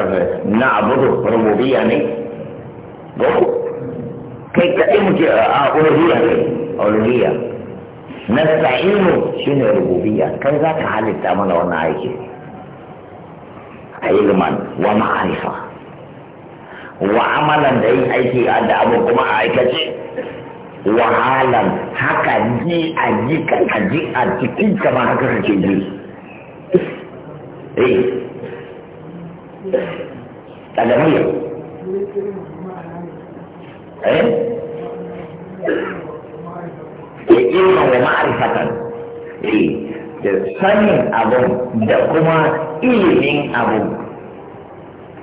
na abudu rububiya ne ba ku kai kaɗai muke a uluhiyya ne uluhiyya sa'inu shi ne rububiya kai za ka halitta mana wannan aiki ilman wa ma'arifa wa amalan da yin aiki da abu kuma a aikace wahalan haka ji a ji a ji a cikin kama haka kake ji eh tsadamiya eh ya ilma wa ma'arifatan eh da sanin abun da kuma ilimin abun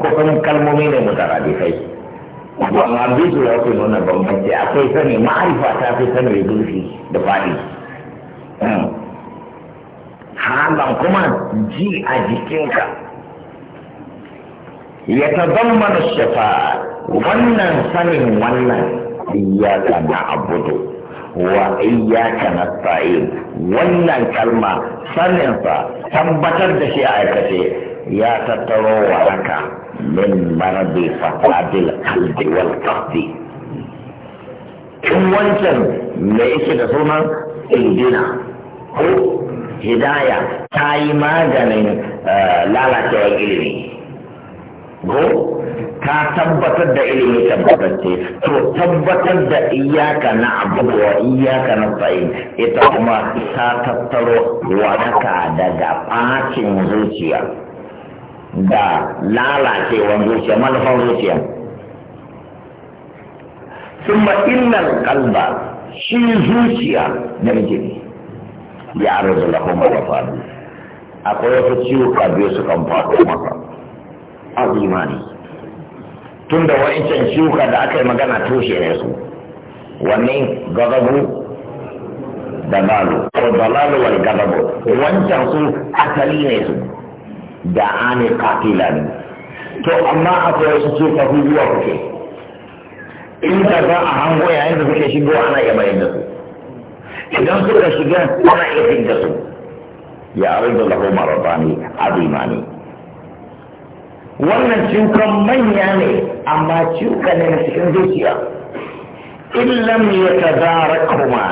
kusan kalmomi ne mutaradifai ba ma bisu ya ku nuna bambanci akwai sani ma'arifa ta fi sani da zurfi da faɗi hmm. halan kuma ji a jikinka ya tazammana shafa'a wannan sanin wannan iyaka na abudu wa iyaka na sa'in wannan kalma saninsa tabbatar da shi a aikace ya tattaro waraka min maradi fasadil qalbi wal qasdi tun wancan me yake da sunan indina ko hidaya ta yi maganin lalacewar ilimi go ta tabbatar da ilimi tabbatacce to tabbatar da iyaka na abu iyaka na fa'in ita kuma ta tattaro daga ɓakin zuciya da lalacewan zuciya manufan zuciya sun innal kalba shi zuciya na jini ya arzu da faru akwai wasu ciwuka biyu su kan maka masa azimani tun da wa'incan ciwuka da aka yi magana tushe ne su wani gazabu da malu ko dalalu wani gazabu wancan su asali ne su da ane katila ne to amma akwai wasu ce ka fi zuwa kuke in ka za a hango yayin da kuke shigo ana iya bayan da su idan suka shiga ana iya fin da su ya arin da lahu marabani azimani wannan ciwukan manya ne amma ciwuka ne na cikin zuciya in lam yatadarakuma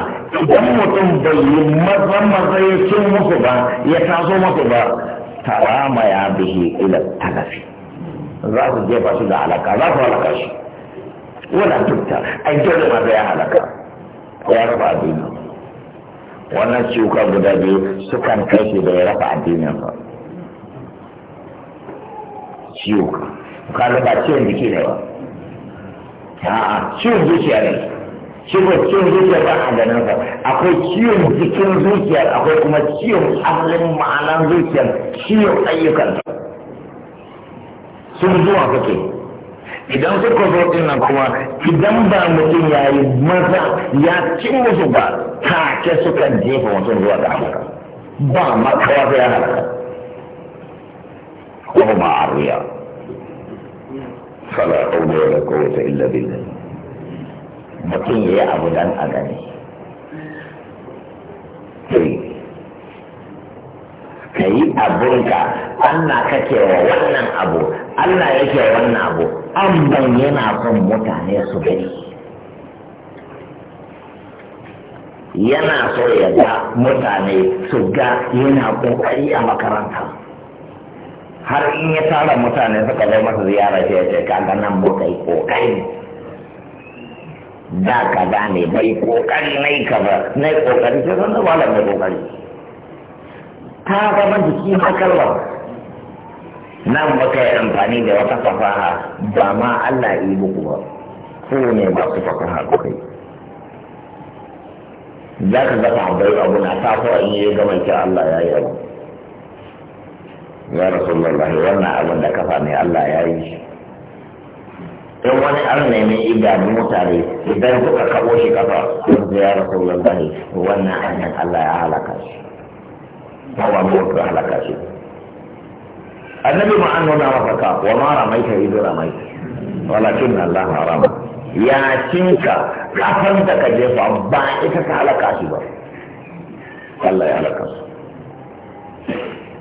idan mutum bai yi maza maza ya cin musu ba ya taso musu ba tarama ya bihi ila talafi za su jefa su da halaka za su halaka shi wannan dukta ai dole ma ya halaka ya raba addini wannan ciwuka guda biyu sukan kai shi da ya raba addinin ba ciwuka ka ba ciwon jiki ne ba a'a ciwon zuciya ne shi cikin zuciya ba a ganin sa akwai ciwon jikin zuciya akwai kuma ciwon halin ma'anan zuciya ciwon ayyukan sun zuwa kake idan suka zo din nan kuma idan ba mutum ya yi maza ya cin musu ba take sukan jefa mutum zuwa da halaka ba makawa sai ya halaka ko ba a ruya fala qawla wala quwwata illa billah mutum ya yi abu dan a gani ka yi abinka Allah kake wa wannan abu Allah yake wa wannan abu an yana son mutane su gani yana so ya ga mutane su ga yana kokari a makaranta har in ya tara mutane suka zai masa ziyara sai ya ce kaga nan muka kokari da kaza ne bai kokari na yi kaza na yi kokari sai zan da mai kokari ta zama jiki na kalla nan baka yi amfani da wata fasaha ba ma Allah yi muku ba ko ne su fasaha ku kai za ka zafa bai abu na tasowa in yi gama ki Allah ya yi abu ya rasu lallahi wannan abin da kafa ne Allah ya yi shi in wani an nemi ni mutane idan kuka kabo shi kafa sun ya rasu lallahi wannan hanyar Allah ya halaka shi ba mawa mutu halaka shi annabi ma an nuna masa ka wa ma ramaita idu ramaita walakin Allah harama ya cinka kafan da ka jefa ba ita ka halaka shi ba Allah ya halaka shi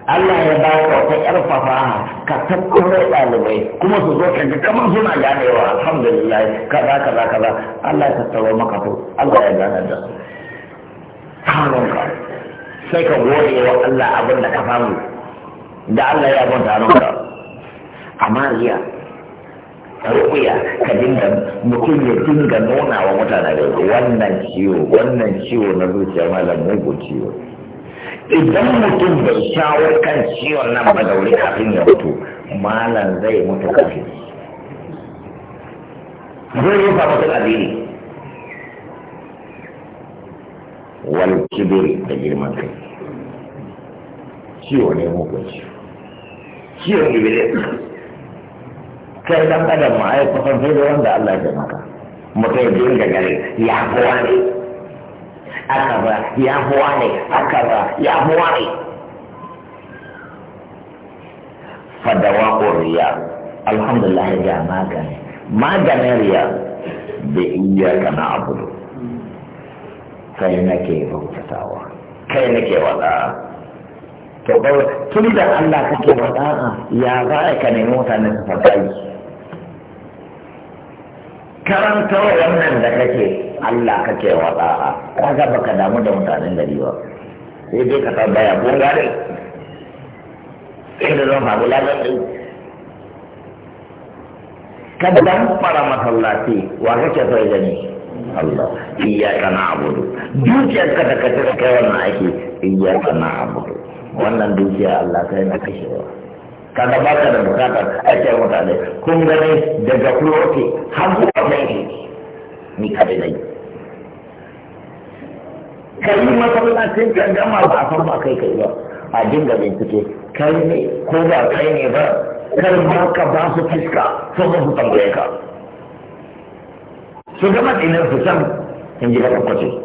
Allah ya ba ka wata ƴar fafaha ka tattaro ɗalibai kuma su zo kanka kamar suna ganewa alhamdulillah kaza kaza kaza Allah ya tattaro maka to Allah ya gane da su taronka sai ka gode wa Allah abin da ka samu da Allah ya ban taronka amma riya rukuya ka dinga mutum ya dinga nuna wa mutane wannan ciwo wannan ciwo na zuciya malam mugun ciwo idan mutum bai shawo kan ciwon nan ba da wuri kafin ya mutu malam zai mutu kafin zai yi rufa mutum addini wal kibir da girman kai ciwo ne hukunci ciwon ibire kai dan adam ma ai kusan sai da wanda Allah ya maka mutum ya dinga gare ya kowa ne aka ba ya huwa ne aka ba ya huwa ne fadawa riya alhamdulillah ya magani maganin riya da iyaka na abudu kai nake bautatawa kai nake wada to tun da Allah kake wada ya za ka nemi mutane su fada karantar wannan da kake Allah kake wa da'a kaga baka damu da mutanen gari ba sai dai ka baya ko gare da zan faru lagar ɗin kada dan fara masallaci wa kake so ya gani Allah iya iyyaka abudu dukiyar ka da kace kai wannan ake iyyaka abudu wannan dukiya Allah kai na kashewa kada ba ka da bukatar ake mutane kun gane daga kulote har zuwa mai ni yi. ka yi masallacin ka gama ba a san ba kai kai ba a dinga bincike kai ne ko ba kai ne ba kar ma ka ba su fiska sun ba su tambaye ka su gama tsinin su can in ji da kwakwace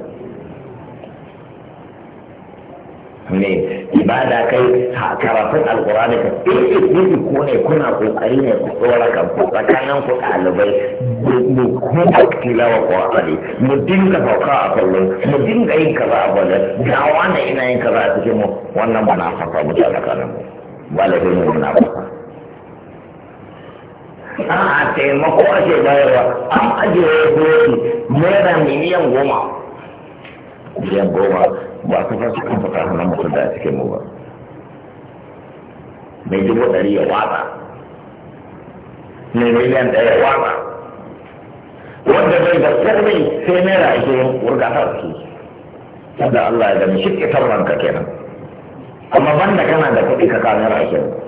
ne ibada kai karatun alkurani ka ɗaya ko ne kuna kokari ne ku tsora kan ku tsakanin ku ɗalibai mu kuma tilawa ƙwarari mu dinga sauka a kullum mu dinga yin kaza a bane ga wannan ina yin kaza a cikin mu wannan ba na fasa mu tsakanin mu ba da mu na fasa a'a taimako ake bayarwa an ajiye ya mera miliyan goma miliyan goma ba su fa su kuma kafin nan mutum da a cikin mu ba mai dubu ɗari ya watsa mai miliyan ɗaya ya watsa wanda bai da komai sai naira wurga har su tunda Allah ya gani shi ke sauran ka kenan amma banda kana da kuɗi ka kawo naira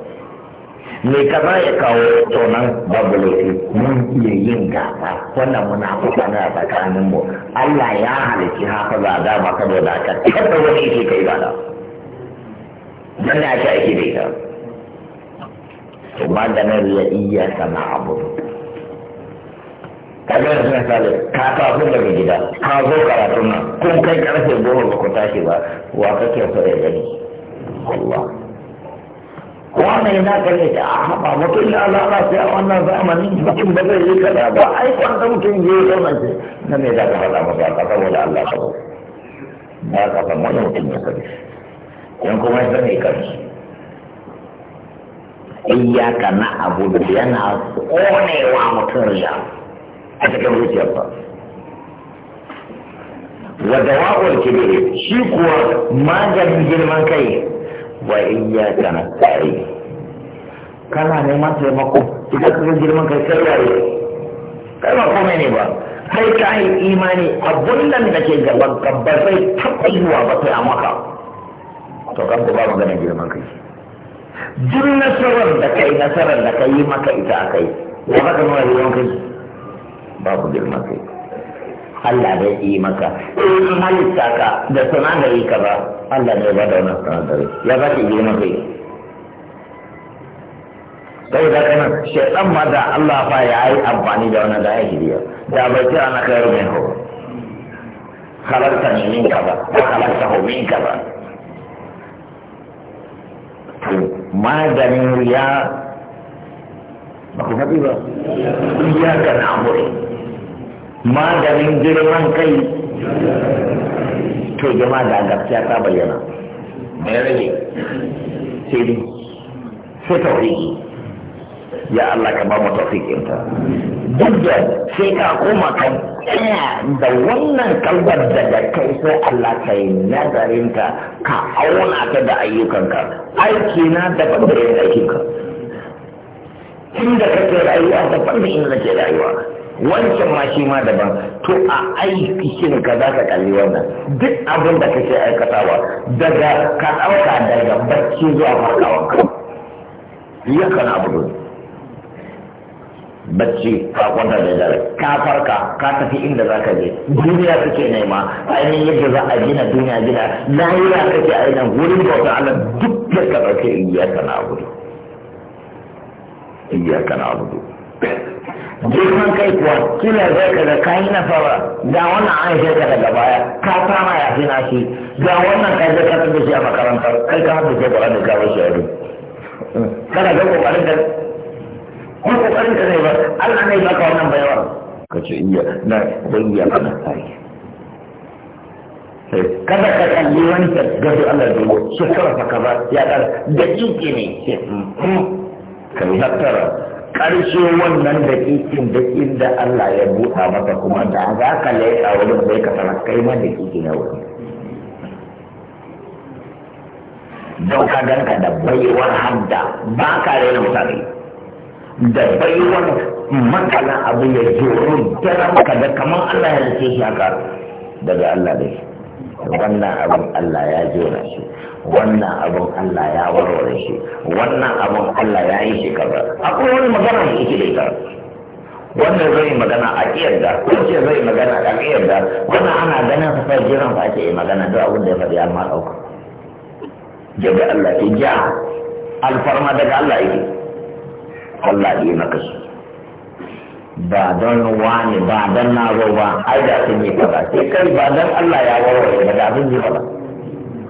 me kaza ya kawo tonan babu laifi mun iya yin gaba wannan muna kusa na tsakanin mu Allah ya halici haka za da ba ka da ka kada wani yake kai ba da dan da ake aiki da ita to maganar ya iya sana abu kaga da suna sale ka kun daga gida ka zo karatun nan kun kai karfe goma ba ku tashi ba wa kake so ya gani Allah wannan yana kare ta ah, a haɓa mutum ya lalace a wannan zamanin mutum ba zai yi kaza ba ai kwanta mutum ya yi zauna ce na ne za ka faɗa masa ka saboda Allah ka ba ka san wani mutum ya sani yan kuma ya sani kan shi iyaka na abu da yana ƙonewa mutum riya a cikin zuciyarsa wa dawa'ul kibiri shi kuwa maganin girman kai wa kana nasta'in kana neman taimako idan ka girman kai kai waye kai ba komai ne ba kai ka yi imani abun nan da ke gaban ka ba zai taɓa wa ba sai a maka to kan ba ganin girman kai duk nasarar da kai nasarar da ka yi maka ita a kai ya maka nuna girman kai babu girman kai Allah bai yi maka in halitta ka da yi ka ba Allah ne ba da wannan sanadari ya ba ki girma kai saboda kana shaitan ma da Allah fa ya yi amfani da wannan da ya shirya da bai ce ana kai min ho halarta ne min kaza ko halarta ho min kaza maganin riya ba ku faɗi ba iyaka na amuri maganin girman kai to jama'a da gaskiya ta bayyana mai rage sai dai sai tawfiki ya Allah ka ba mu tawfikin ta duk da sai ka koma ka tsaya da wannan kalbar daga kai sai Allah ka yi nazarin ka ka auna ta da ayyukanka aiki na daban da yin aikinka inda kake rayuwa daban da inda kake rayuwa wancan ma shi ma daban to a aikin ka za ka kalli wannan duk abin da kake aikatawa daga ka ɗauka daga bacci zuwa farkawa ka kan abu bacci ka kwanta da dare ka farka ka tafi inda za ka je duniya kake nema ainihin yadda za a gina duniya gina lahira kake ainihin wurin bauta Allah duk da ka ɗauke iya na abu iyaka na abu girman kai kuwa kila zai ka ga kayi nasara da wannan an shi ka daga baya ka kama ya fi nashi da wannan ka zai karar da shi a makaranta kai ka haɗu sai ƙwarar da gawar shi a yi kana ga kokarin ka kuma kokarin ka zai ba Allah ne baka wannan bayawar ka ce iya na zai iya kana kai eh, kada ka kalli wani ta gado Allah da su karfa ka ba ya ƙara da ƙinƙi ne mm, mm. ka yi hattara karshe wannan da kikin da inda Allah ya buɗa maka kuma da za ka laika wurin sai ka fara kai ma da kiki na wurin don ka ganka da baiwar hadda ba ka rena mutane da baiwar makana abu ya joro ta maka da kamar Allah ya rike shi haka daga Allah dai wannan abin Allah ya jera shi wannan abin Allah ya warware shi wannan abin Allah ya yi shi kaza akwai wani magana da yake da ita wannan zai magana a kiyarda wacce zai magana a kiyarda wannan ana ganin sa sai jiran fa ake magana da abin da ya faɗi amma ɗauka jabi Allah ke ja alfarma daga Allah yake Allah yi maka shi ba don wani ba don na zo ba ai da sun yi kaza sai kai ba don Allah ya warware daga abin yi ba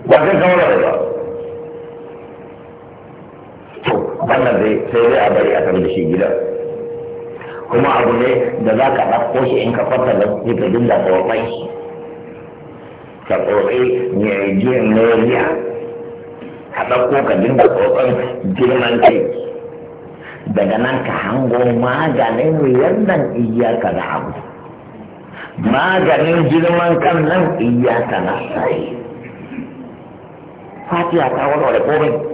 ba zai ka zai sai dai a bari a tafi da shi gida kuma abu ne da za ka ɗauko shi in ka kwanta da su ka dinga tsotsai ka tsotsai ne jiyan noriya ka ɗauko ka dinga tsotsan girman kai daga nan ka hango maganin wuyar nan iyaka da abu maganin girman kan nan iyaka na sai fatiya ta warware komai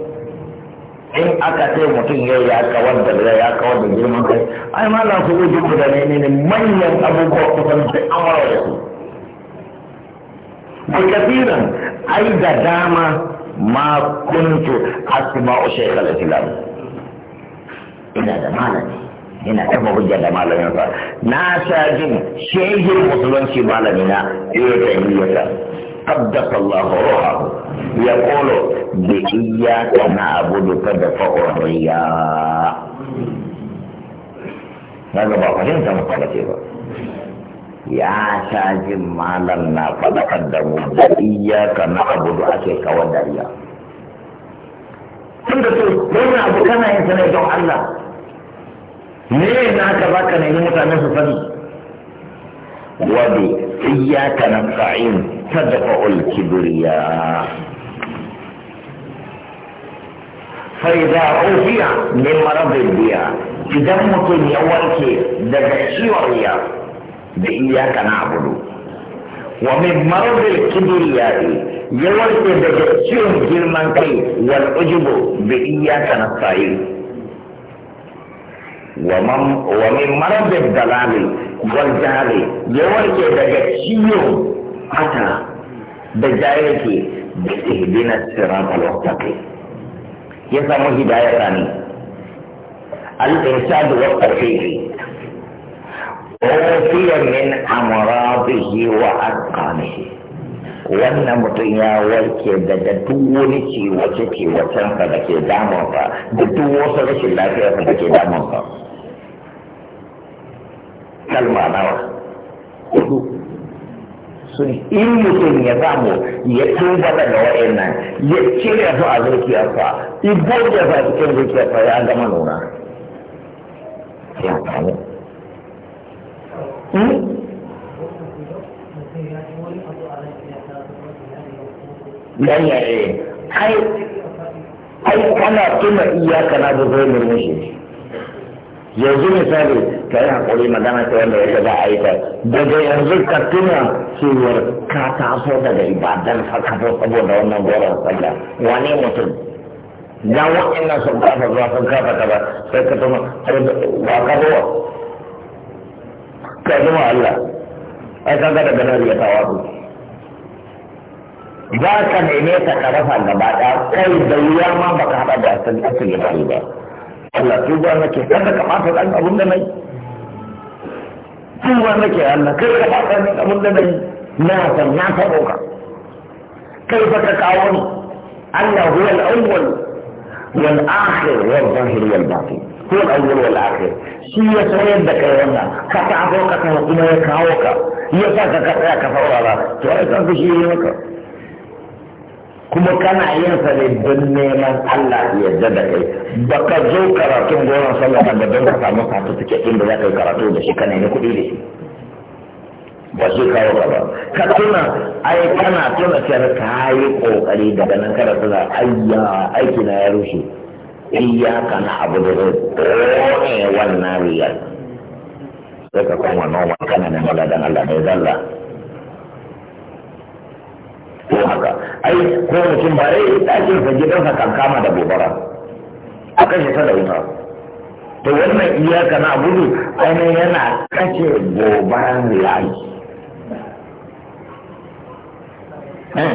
in aka ce mutum yau ya kawar da ya ya kawar da girman kai ai ma na ku gudu da ne ne manyan abubuwa kusan sai amara da su bi kafiran ai da dama ma kuntu asma'u shaykhal islam ina da malami ina ta hujja da malamin sa na sa jin shehin musulunci malamina ya tayyata قدس الله ya kolo. da ka na da ta da fa'uriya na gaba fahimta mu kwalace ba ya sha jin malam na faɗaƙar da mu da iyaka na abudu ake kawar da iya tun da su wani abu kana yin sa don Allah ne na ka ka nemi mutane su sani wadda iya ka na da tadfa'ul kibiriya faida ofiya ne mara biya idan mutum ya warke daga ciwon ya da iya kana abudu wa min marbil kibir ya ya warke daga ciwon girman kai wal ujubu da iya kana sayi wa min marbil dalali wal jahali ya warke daga ciwon hata da jayyaki da ihdina siratul mustaqim ya samu hidaya sani al-irshad wa tawfiq وفي من wa وأتقانه wannan mutum ya warke daga duk wani ciwace ciwacensa da ke damunsa da duk wasu rashin lafiyarsa da ke damunsa kalma nawa sun in mutum ya samu ya tuba da wa'in nan ya cire su a zuciyarsa ibar da za su cikin zuciyarsa ya zama nuna ya samu Yanya hmm? eh, ai, ai kana tuna iyaka na da zai mai mishi. yanzu misali ka yi haƙuri magana ta wanda yake za a yi ta daga yanzu ka tuna cewar ka taso daga ibadan kafa saboda wannan goron sallah wane mutum da na sun kafa zuwa sun kafa kaza sai ka tuna ba ka zuwa ka wa Allah ai ka ga daga nan ya tawa ba ka neme ka karafa gaba ɗaya kai da wuya ma baka haɗa da asali ba Allah tuba nake kada ka fata dan abun da nayi nake Allah kai ka fata dan abun da nayi na san na sabo ka kai fa ka kawo ni Allah huwa al-awwal wal akhir wal zahir wal batin huwa al-awwal wal akhir shi ya sayar da kai wannan ka ta ka kuma ya kawo ka ya sa ka ka ka fara to ai san shi ne maka kuma kana yin sa ne don neman Allah ya yarda da kai ba ka zo karatun goron sallah da don ka samu kafin suke inda za ka yi karatu da shi kana ne kuɗi da shi ba shi kawo ba ka tuna ai kana tuna cewa ka yi kokari daga nan kada tuna ayya aiki na ya rushe iya kana abu da zai tsone wannan riyar sai ka kuma noman kana ne maladan Allah ne zalla ko haka ai ko mutum ba dai ɗakin sa gidansa kan kankama da gobara a kashe ta da wuta to wannan iyaka na gudu ainihin yana kashe gobaran layi eh.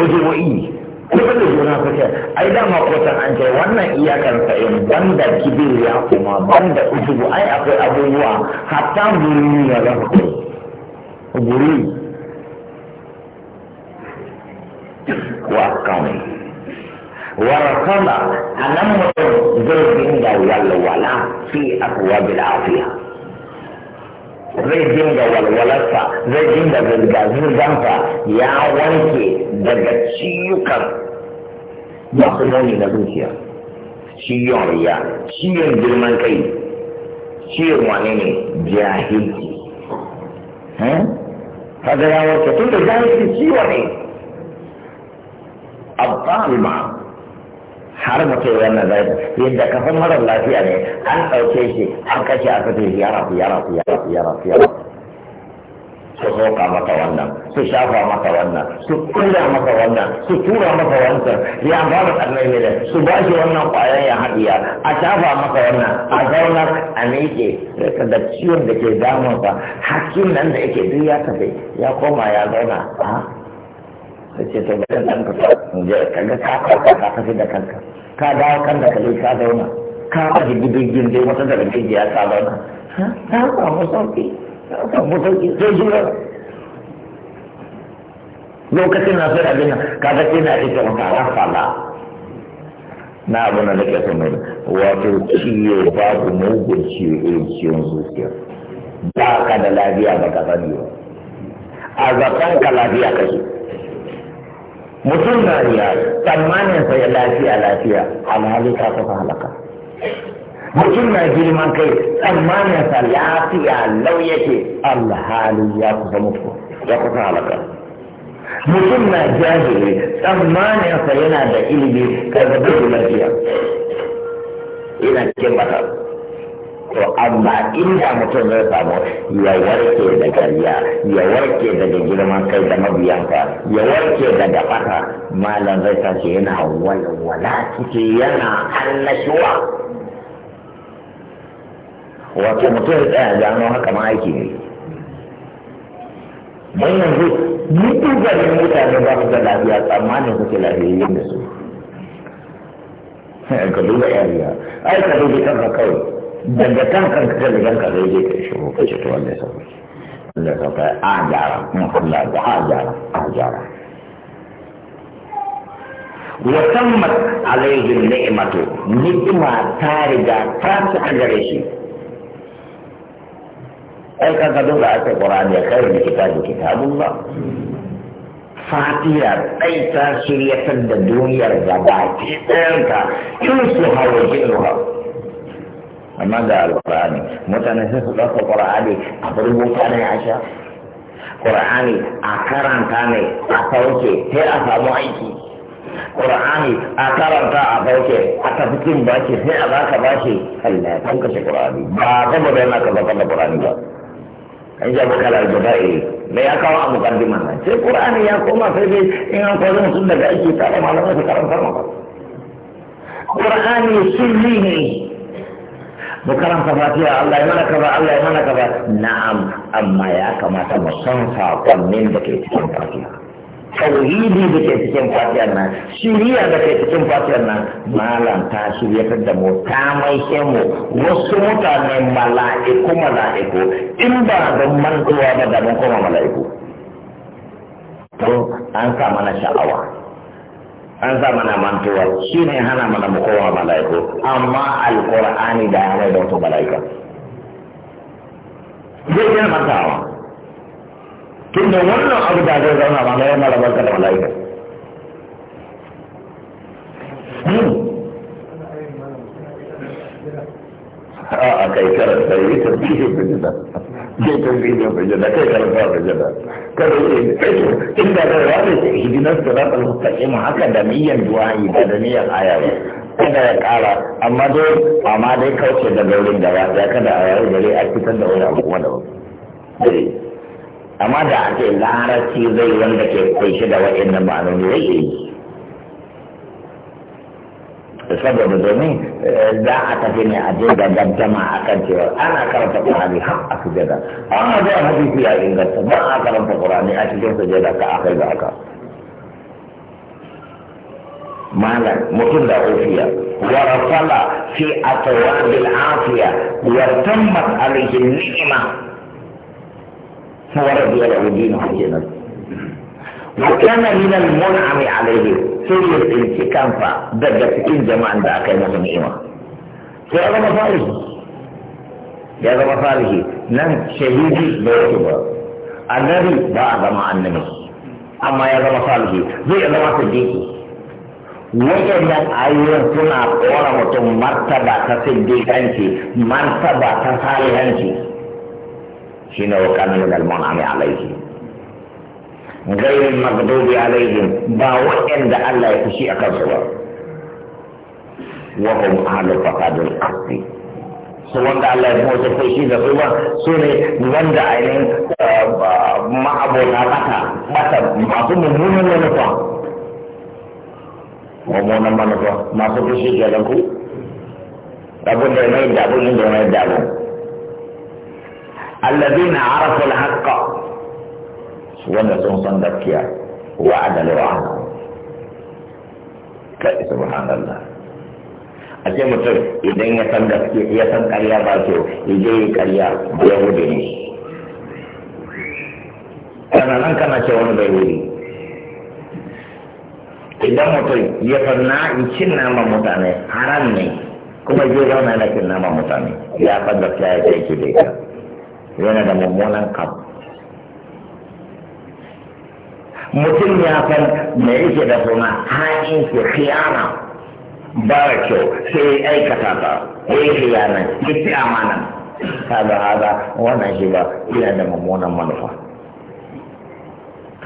ujubu'i kuma da juna kuke ai dama kusan an ce wannan iyakar sa in banda kibiriya kuma banda ujubu ai akwai abubuwa hatta ya za ku قبوري وأحكامه ورسم أنمر زيد والولا في أبواب العافية zai dinga walwalarsa zai dinga zirga-zirgansa ya wanke daga ciyukan masu nuni na zuciya ciyon riya ciyon girman kai ciyon wane ne jahilci hmm? kaga ya warke tun da jahilci ciwo ne abdal ma har mutum wannan zai yadda kafin marar lafiya ne an ɗauke shi an kashe aka ce ya rafu ya rafu ya rafu ya rafu ya rafu su roƙa maka wannan su shafa maka wannan su kulla maka wannan su tura maka wannan ya ba fara tsannan ne su ba shi wannan ƙwayar ya haɗiya a shafa maka wannan a zaunar a miƙe da ciwon da ke damunsa hakkin nan da yake duk ya tafi ya koma ya zauna a ta ce to bari ɗan fita kaga ka kwata ka tafi da kanka ka dawo kanka ka ka zauna ka ba da gidin gindin wata daga gidiya ka zauna Ha! ta samu sauƙi samu sauki sai jura lokacin na sai abin nan kaga sai na ita wata rafala na abin da nake son nuna wato ciwo babu mugun ciwo irin ciwon zuciya ba ka da lafiya ba ka sani ba a zaton ka lafiya kake mutum na riya tsammanin sai lafiya lafiya alhali ka kusa halaka mutum na girman kai tsammaninsa lafiya lau yake Allah hali ya kusa mutu ya kusa halaka mutum na jahili tsammaninsa yana da ilimi kaga bai lafiya yana cikin matsala to amma inda mutum zai samu ya warke da gariya ya warke daga girman kai da mabiyanka ya warke daga fata malam zai tashi yana walwala ciki yana annashuwa wato mutum ya tsaya gano haka ma aiki ne don yanzu mutu garin mutane ba su da lafiya tsammanin suke lafiyayyen da su ka duba yariya ai ka duba kanka kawai daga kan kanka ka daga kanka zai je ka shigo ka ce to wanda ya sauka wanda ya sauka a gyara in Allah da a gyara a gyara wa tammat alaihi ni'matu ni'ma ta riga ta ci shi ai kan ka dole aka qur'ani ya kai da kitabu kitabullah Fatiya dai ta shiryatar da duniyar gaba ki ɗayanka in su hawa jinuwa amma ga alƙur'ani mutane sai su ɗauka ƙur'ani a rubuta ne a sha ƙur'ani a karanta ne a sauke sai a samu aiki ƙur'ani a karanta a sauke a tafi kin bashi sai a baka bashi Allah ya kanka shi ƙur'ani ba gaba da yana kan da ƙur'ani ba an ja baka da jaba'iri da e. ya kawo a mukaddiman nan sai qur'ani ya koma sai dai in an kwazo mutum daga aiki tare malamai su karantar maka qur'ani sirri ne mu karanta fatiha Allah ya mana kaza Allah ya mana kaza na'am amma ya kamata mu san sakonnin da ke cikin fatiha tauhidi da ke cikin fatiyar nan shiriya da ke cikin fatiyar nan malam ta shiryatar da mu ta mai mu wasu mutane mala'iku mala'iku in ba don mantuwa ba da mun koma mala'iku to an sa mana sha'awa an sa mana mantuwa shi ne hana mana mu koma mala'iku amma alkur'ani da ya hana da wasu mala'ika zai yana mantawa tunda wannan abu da zai zauna ba na yana rabar da mala'ika hmm. a kai karanta yi ta da tasbihin ta yi da bijida kai karanta bijida kada yi kai inda da rawa da hidinar siratul mustaqim haka da niyyar du'a'i ba da miyan aya ba kada ya kara amma dai amma dai kauce da gaurin da ya kada a yau gare a fitar da wani abubuwa da wasu amma da a ce larabci zai wanda ke kunshi da waɗannan ma'anoni zai yi saboda domin eh, za a tafi ne a je da gaddama a kan cewa ana karanta ƙurani har a sujada amma zai hadisi ya inganta ba a karanta ƙurani a cikin sujada ka akai da aka malam mutum da ofiya wa rasala fi atwabil afiya wa tammat alaihi ni'ma هو رضي له دينه كده وكان من المنعم عليه سير الانتكام فدقت ان جماعة ده كان نعمة يا رب فارس يا رب فارس نم شهيدي بيتبا النبي بعد ما النبي amma ya zama salihi zai ya zama siddiqi waɗannan ayoyin suna kora mutum martaba ta siddiqanci martaba ta salihanci حين وكان من المنعم عليهم غير المغضوب عليهم باوئن ده الله يكشي أكبر وهم أهل فقاد الأرض su wanda Allah ya kuma kai shi da su ba su ne wanda ainihin ma'abota mata mata masu mummunan manufa mummunan manufa masu fushi ga ku abin da ya mai da abin da ya الذين عرفوا الحق wanda sun san gaskiya wa adala wa ana kai subhanallah a ce mutum idan ya san gaskiya ya san ƙarya ba ke yaje yi ƙarya ba ya gudu ne kana nan kana ce wani bai wuri idan mutum ya san na cin naman mutane haram ne kuma zai zauna na cin naman mutane ya san gaskiya ya ce ki da ita yana da mummunan kam mutum ya san me yake da suna ha'in ke khiyana ba kyau sai ya aikata ta ya yi khiyana ya ci amana kaga haza wannan shi ba ina da mummunan manufa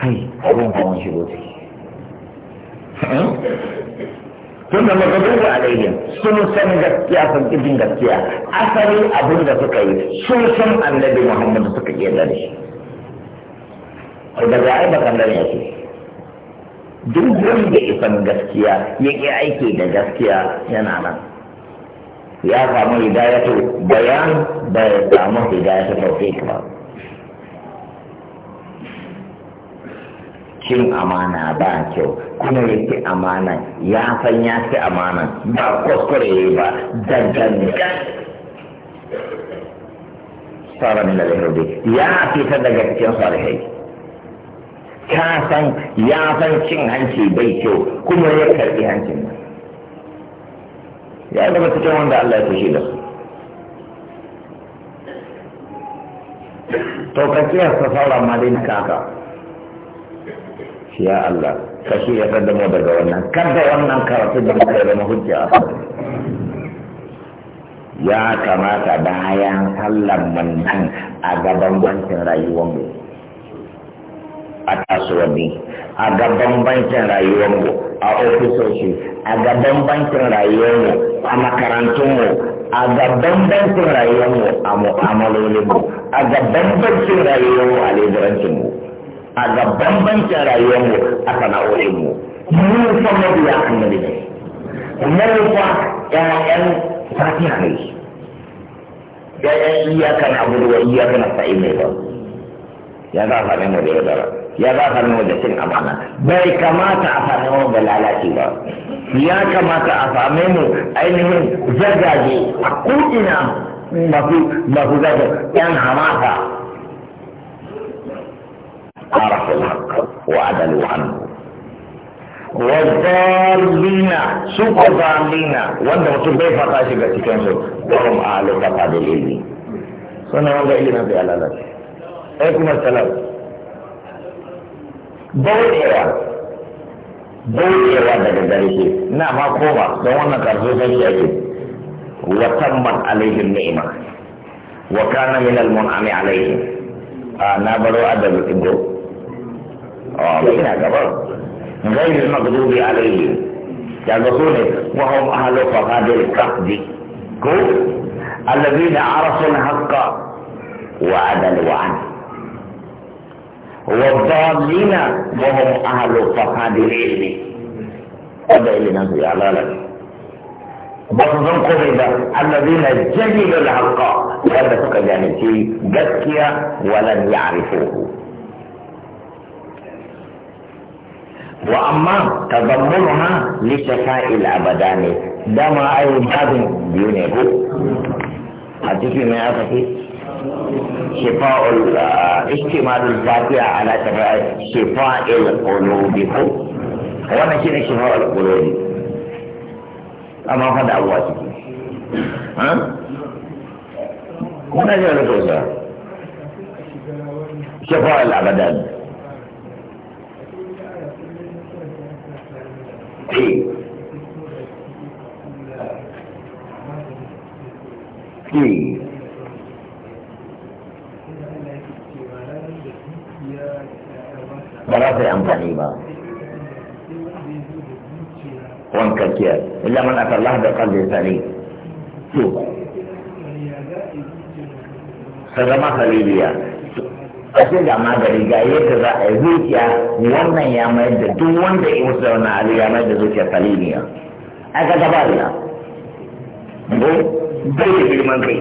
kai abin kuma shigo ciki hmm? tun da magadubu alaihim sun san gaskiya sun kibin gaskiya asali abin da suka yi sun san annabi muhammad suka yi da shi daga ai bakan da yake duk wanda isan gaskiya ya ƙi aiki da gaskiya yana nan ya samu hidayatu bayan ya samu hidayatu tawfiq ba cin amana ba kyau kuma ya fi amana ya san ya fi amana ba kuskure ba da gangan sara min al-hirbi ya fita daga cikin salihai ka san ya san cin hanci bai kyau kuma ya karbi hancin nan ya zama cikin wanda Allah ya fushi da su to ka ma sauran madina kaka ya Allah shi ya mu daga wannan kada wannan karatu da muka da mahujja a ya kamata bayan sallan nan a gaban bankin rayuwarmu a kasuwanni a gaban bankin rayuwarmu a ofisoshi a gaban bankin rayuwarmu a makarantunmu a gaban bankin rayuwarmu a mu'amalolinmu a gaban bankin rayuwarmu a mu. a ga bambancin rayuwarmu a sana'o'inmu mu fa mabiya annabi ne mu fa ƴaƴan fatiha ne ƴaƴan iyaka na gudu wa iyaka na sa'i ne ba ya za a same mu da yaudara ya za a same mu da cin amana bai kamata a same mu da lalaci ba ya kamata a same mu ainihin zagaje a ko'ina masu masu zaga ƴan hamata عرفوا الحق وعدلوا عنه والضالين سوق الضالين وانت مطلوب بيفا قاشي قاشي كنسو وهم أهل فقد العلم سنة والله إلينا في ألالات أيكم السلام بوئة daukewa daga gare shi na ma koma don wannan karfi sai shi ake wa tammat alaihim ni'ima wa kana min al-mun'ami alaihim a na baro adab ibro اه بقينا كبار غير المغضوب عليهم يعرفون وهم اهل فقاد الكفد الذين عرفوا الحق وعدلوا عنه والضالين وهم اهل فقاد العلم هذا اللي نزل على لك بصدن قريبا الذين جهلوا الحق ولا يعني شيء ولم يعرفوه وأما تضمنها لشفاء الأبدان ده أي باب ديونه حديث من أفكي شفاء اشتمال الفاتحة آه، على شفاء القلوب وانا شنو شفاء القلوب أما قد أواتي ها؟ هنا جاء شفاء الأبدان ba za su yi amfani ba wankakkiya illa man aka Allah da kalli sani to sadama haliliya a ce ga magani ga yadda za a yi zuciya wannan ya mayar da duk wanda ya musu wannan hali ya mayar da zuciya salimiya a ga gaba da bu bai da girman kai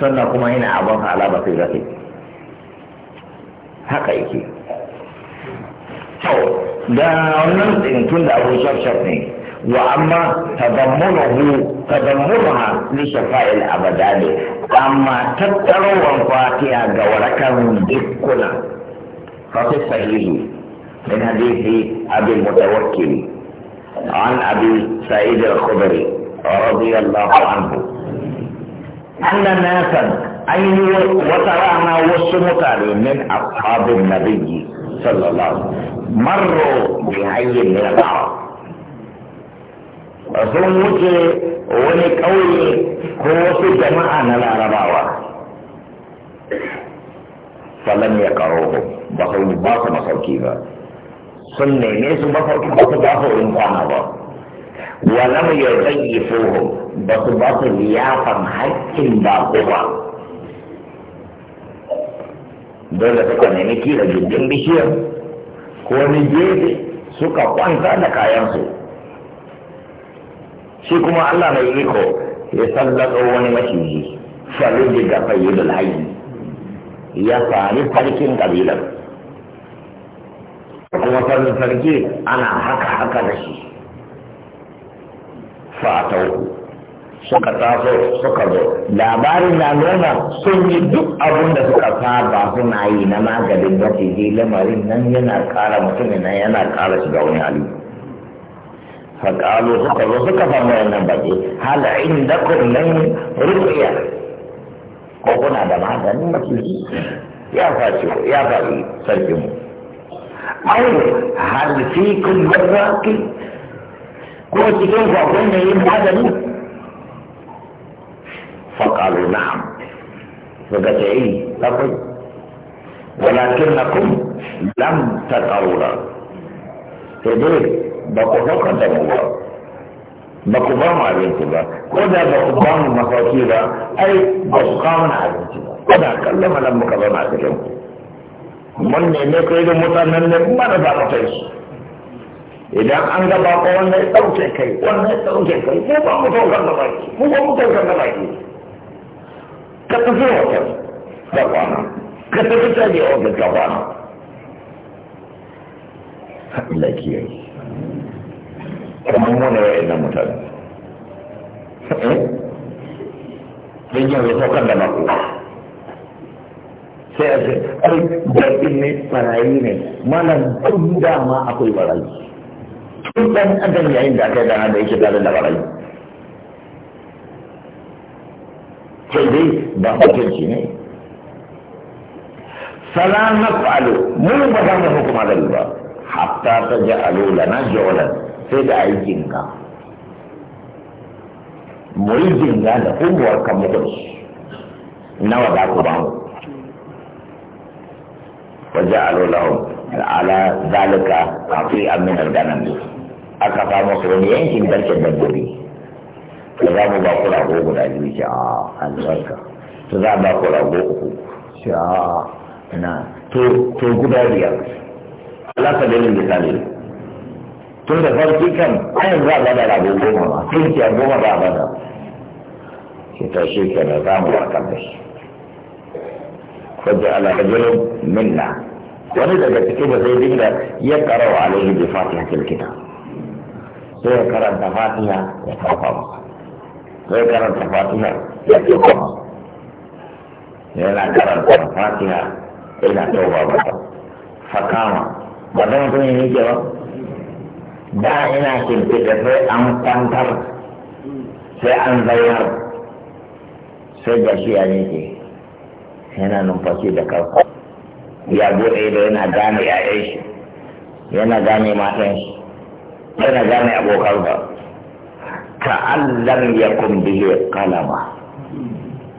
sannan kuma yana abin hala alaba sai zafi haka yake to da wannan tsintun da abu shafshaf ne wa amma tadammunahu tadammunaha li shafa'il abadani amma tattarowar fatiha ga warakan dukkuna fafi sahihi من حديث أبي المتوكل عن أبي سعيد الخدري رضي الله عنه أن ناسا أي وترانا وسمتان من أصحاب النبي صلى الله عليه وسلم مروا بحي من العرب sun wuce wani ƙauye ko wasu jama'a na larabawa falon ya karo ba su ba su masauki ba sun neme su masauki ba su ba su in kwana ba walam ya zayyifuhu ba su ba su liyafan haƙƙin ba ko ba dole suka nemi kira jirgin bishiyar ko ni jeji suka kwanta da kayansu shi kuma Allah mai iko ya sallaka wani maciji farin da da hayy ya fari farkin kabilar kuma farin sarki ana haka haka da shi fatau suka taso suka zo labarin na nuna sun yi duk abin da suka saba suna yi na maganin maciji lamarin nan yana kara mutum yana kara shiga wani hali فقالوا سكر وسكر فما ينبغي هل عندكم من رقية وقنا دمع دمي يا فاشو يا فاشو سجموا أو هل فيكم من راقي كنت كيف أقول لهم هذا فقالوا نعم فقالت ايه لقد ولكنكم لم تقروا له فديه ba ku ɗaukar da mu ba ba ku ba mu abinci ba ko da ba ku ba mu masauki ba ai ba ku kawo mana abinci ba ko da kallon malam muka zama a cikin ku mun neme ku irin mutanen ne kuma da za mu kai su idan an gaba ko wannan ya ɗauke kai wannan ya ɗauke kai ko ba mu ɗaukar da baki ko ba mu ɗaukar da baki ka tafi wata da kwana ka tafi ta ne wata da kwana Allah kiyaye mun mune wa ina mutane eh? don yin rufokan da mako sai a ce ai zargin ne barayi ne mana tun dama akwai barayi tun ɗan adam yayin da aka yi dana da yake tare da barayi sai dai ba hukunci ne salamatu alu mun ba za mu hukuma da ba hatta ta ja'alu lana jawalan sai da ayi jinga mu yi jinga da unguwar kan mu da nawa za ku ba mu wajen alolahun ala zalika kafin amin alganan ne aka samu su wani yankin garken dabbobi da za mu ba ku rago guda biyu ce a ah, albarka to za a ba ku rago uku ce a ah, na to guda biyar alaka dalilin misali tun da farki kan ayin za a bada rabu goma ma sun kiyar goma za a bada shi ta shi ke na zamu da kan da shi kwaje ala rajulun minna wani daga cikin da zai dinga ya karawa alaihi bi fatiha kilkita sai ya karanta fatiha ya kafa masa sai karanta fatiha ya kafa masa yana karanta fatiha ina tauba masa fakama ba zan mutum ya yi ba da yana da sai an kwantar sai an zayar sai ga shi ya nike yana numfashi da kansa ya bude da yana gane yayan shi yana gane matan shi yana gane abokan ba allan ya kumbihe kalama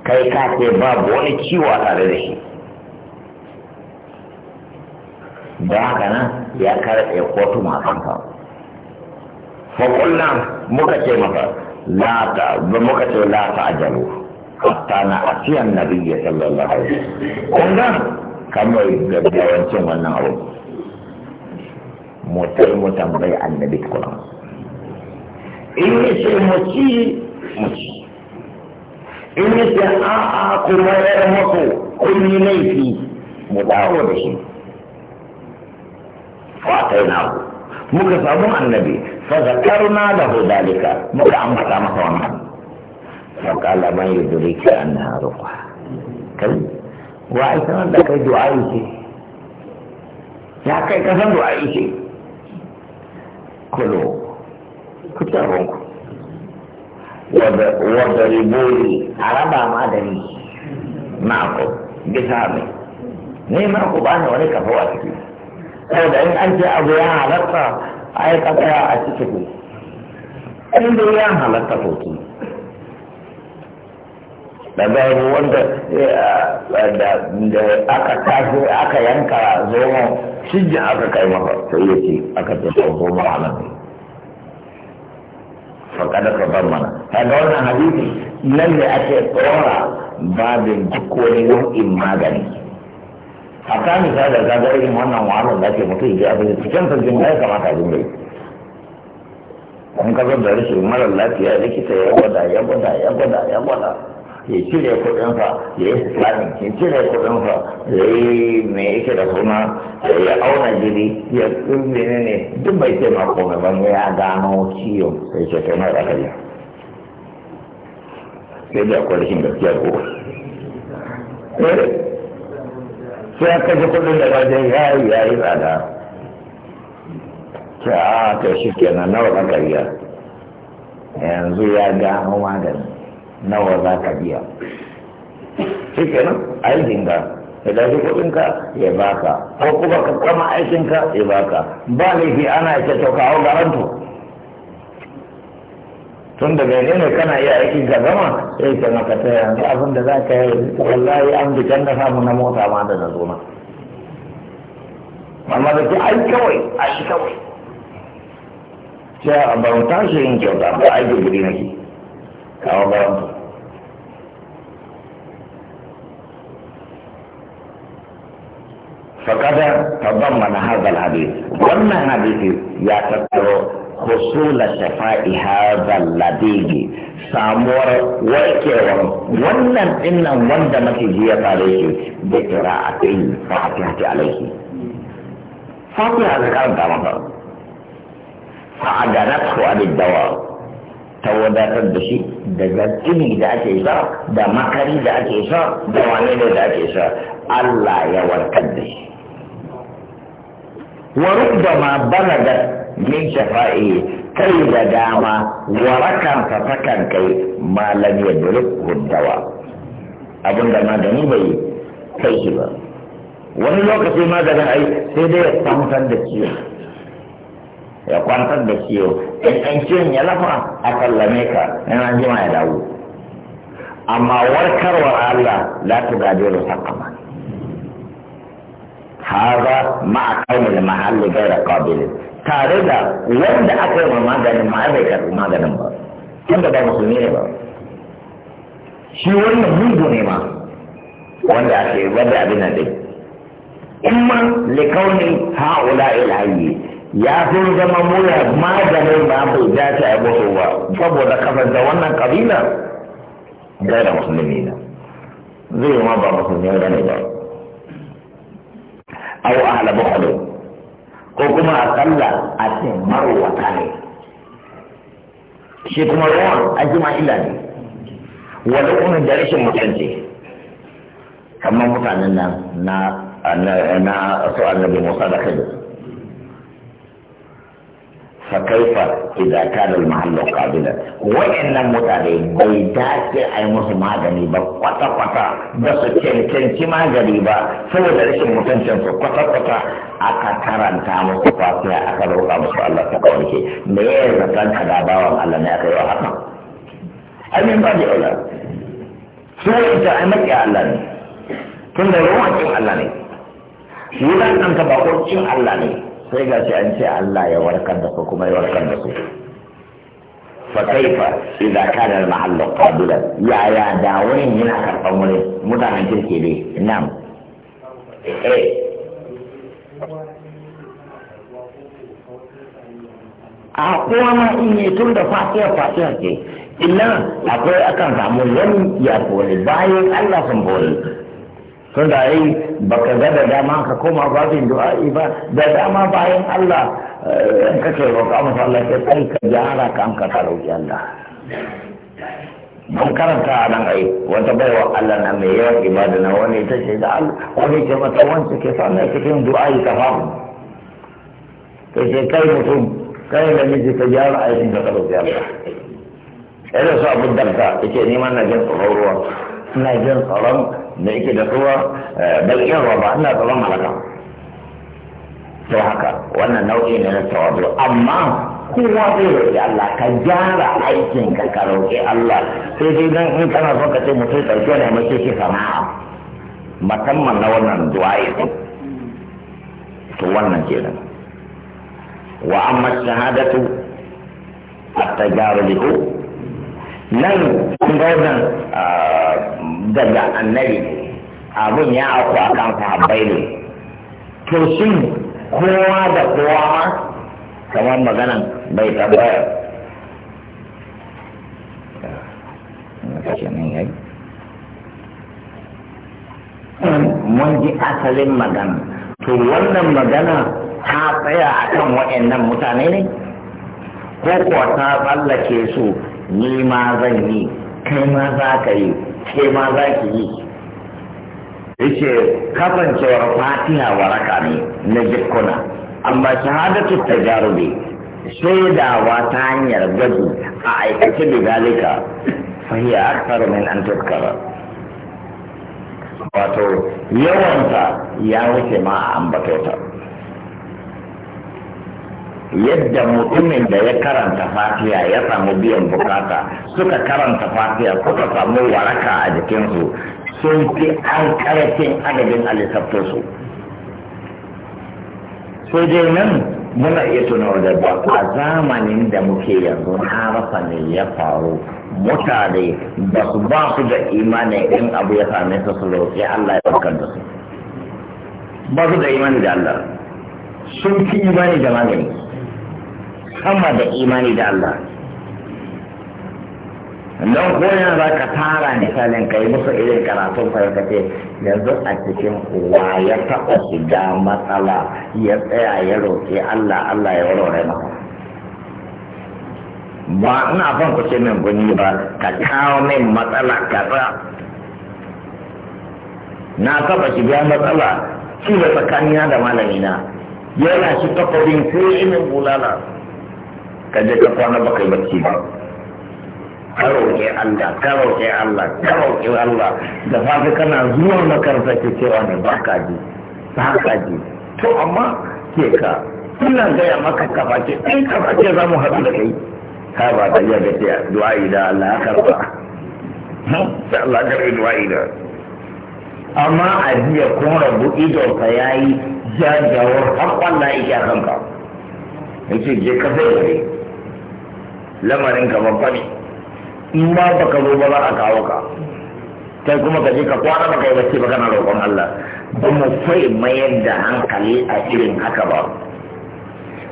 kai ka ce babu wani ciwo a tare da shi da haka nan ya karɓe kotu masu kawo فقلنا مكتي مكة لا مكتي لا تعجلوا حتى نأتي النبي صلى الله عليه وسلم قلنا كما يقدر أن تسمى النعوذ متل متنبي عن نبي القرآن إني سيمتي مشي إني سيأعاق ما يرمك كل ليفي متعوذ فأتيناه مكتبه النبي فذكرنا له ذلك مقام مكعم وانا فقال ما يدريك أنها رقعة كذب وعيسنا لك دعائي يا كي كسن كلوا كتابونك وضربوني عربا ما دري معكم بسامي ne نعم، ma وليك bani wani kafa wa ciki saboda in a yi tsakaya a ciki ku inda ya halatta hoto daga wanda eh, da aka tafi aka yanka zomo shijin aka kai maka sai ya ce aka tafi zoma a nan fakada ka bar mana kaga wannan hadisi nan ne ake tsora babin duk wani nau'in magani a ta misali ga ga irin wannan wahalar da ke mutum ji abin cikin sarkin ya kamata abin da in ka da rashin marar lafiya likita ya gwada ya gwada ya gwada ya gwada ya cire kuɗinsa ya yi islamic ya cire kuɗinsa ya yi me yake da suna ya auna jiri ya tsumbini ne duk bai ce ma komai ba ya gano ciwon ya ce kai mai rakari sai da akwai rashin gaskiya ko eh. sai ya kashe kudin da wajen ya yi ya yi tsada ta a to shi kenan nawa za ka biya yanzu ya ga gano magani nawa za ka biya shi kenan aikin ka ya dafi kudin ka ya baka ko kuma ka kama aikin ka ya baka ba laifi ana ita to ka hau garanto tun da bai ne kana iya aikin ka gama sai ka maka ta yanzu abin da za ka yi wallahi an bi can da samu na mota ma da na zoma amma da ke ai kawai ai kawai sai a bauta shi yin kyauta ba ai na nake kawo garanta فقد تضمن hadal الحديث Wannan hadisi ya tattaro رسول شفاء هذا الذي سامور وكيرو ونن ان وند ما تجي عليه بقراءه الفاتحه عليه فاتحه على كان تمام فاجرته على الدواء تودات الدشي دجاجين اذا اتى يسار دا مكري اذا اتى يسار دا وانين اذا اتى يسار الله يوركد وربما بلغت min shafa'i kai da dama warakan ta takan kai malam ya bulukku dawa abin da magani bai kai shi ba wani lokaci maganin ai sai dai ya kwantar da ciwo ya kwantar da ciwo in an ciwon ya lafa a sallame ka in an jima ya dawo amma warkarwar Allah la tu gadiru sakama هذا مع كون المحل غير قابل tare da wanda aka yi wa maganin ma bai karɓi maganin ba wanda ba musulmi ne ba shi wannan mugu ne ma wanda aka wanda abin nan dai imma likaunin ha'ula ilhayi ya fi zama mura maganin ba bai dace a musu ba saboda kafar da wannan kabila da musulmi na zai ma ba musulmi ne ba au ahla bukhlu ko kuma a kalla a ce marwata ne shi kuma ruwan ajima ila ne wani kuma da rashin mutunci kamar mutanen nan na na su annabi musa da kai fa kaifa idza kana al mahallu qabila wa inna mutade bai dace yi musu magani ba kwata kwata da su cancanci magani ba saboda rashin mutuncin su kwata kwata aka karanta musu fatiha aka roƙa musu Allah ta kawace me ya zakan ka da bawan Allah ne aka yi haka amin ba da ila su ne ta amaki Allah ne tun da ruwan cin Allah ne yi da an cin Allah ne sai ga shi an ce Allah ya warkar da su kuma ya warkar da su fa kaifa idza kana al-mahallu qabilan ya ya da wurin yana karban wurin mutanen kirki ne na'am eh a kowa ma in yi tun da fasiya fasiya ce illa akwai akan samu wani ya koli bayan Allah sun bori tun da ai baka ga da dama ka koma babin du'a'i ba da dama bayan Allah in kake roƙa masa Allah ke tsari ka gyara ka an ka roƙi Allah mun karanta a nan ai wata baiwa Allah na mai yawan ibada na wani ta ce da Allah wani ke mata wance ke samu cikin du'a'i ka famu ta ce kai mutum kai da miji ka gyara aikin ka roƙi Allah. Ina so abin darta yake neman na jin tsoron ruwa. ina jin tsaron da yake da tsuwa balƙin roba ina tsaron malaka sai haka wannan nau'i ne na tawadu amma kowa zai roƙi Allah ka gyara aikin ka ka roƙi Allah sai dai dan in kana son ka ce mutum ɗauke ne mace ke sana'a musamman na wannan duwaye to wannan kenan wa amma shahadatu at-tajarudu nan gwazon daga annabi abin ya aku a kan sahabbai ne to shin kowa da kowa ma kamar maganan bai tabbayar mun ji asalin magana to wannan magana ta tsaya akan waɗannan mutane ne ko kuwa ta tsallake su ni ma zan yi kai ma za ka yi ke ma za ki yi yace kasancewar fatiha waraka ne na jikuna amma shahadatu tajarubi shaidawa ta hanyar gwaji a aikace da zalika fahiya akthar min an tuzkara wato yawanta ya wuce ma a ambatota yadda mutumin da ya karanta fatiha ya samu biyan bukata suka karanta fatiha suka samu waraka a jikinsu sun fi an kayakin adadin alisabtosu sai dai nan muna iya tunawa da ba a zamanin da muke yanzu harafa ne ya faru mutane ba su ba su da imanin in abu ya same su su roƙi Allah ya ɗaukar da su ba su da imani da Allah sun fi imani da magani sama da imani da Allah don koyan za ka tara misalin ka yi musu irin karatun ce yanzu a cikin kowa ya taɓa shiga matsala ya tsaya ya roƙi Allah Allah ya warware maka ba ina son ku ce min guni ba ka kawo min matsala kaza na taɓa shiga matsala shi da tsakanina da malamina yana shi takwabin sai imin bulala ka je ka kwana baka yi bacci ba ka roƙe Allah ka roƙe Allah ka roƙe Allah da fafi kana zuwa makaranta ke cewa ne ba ka ji ba ka ji to amma ke ka ina gaya maka kaface in kaface za mu haɗu da kai ka ba ta yi ga ce du'a'i da Allah ya karɓa sai Allah ya karɓi du'a'i da amma a jiya kuma rabu idonka ya yi jajawar har ƙwallaye ya kanka. yace je ka sai gare lamarin ka babba ne in ba ka zo ba za a kawo ka kai kuma ka je ka kwana baka yi bacci ba kana roƙon Allah ba mu fai mayar da hankali a irin haka ba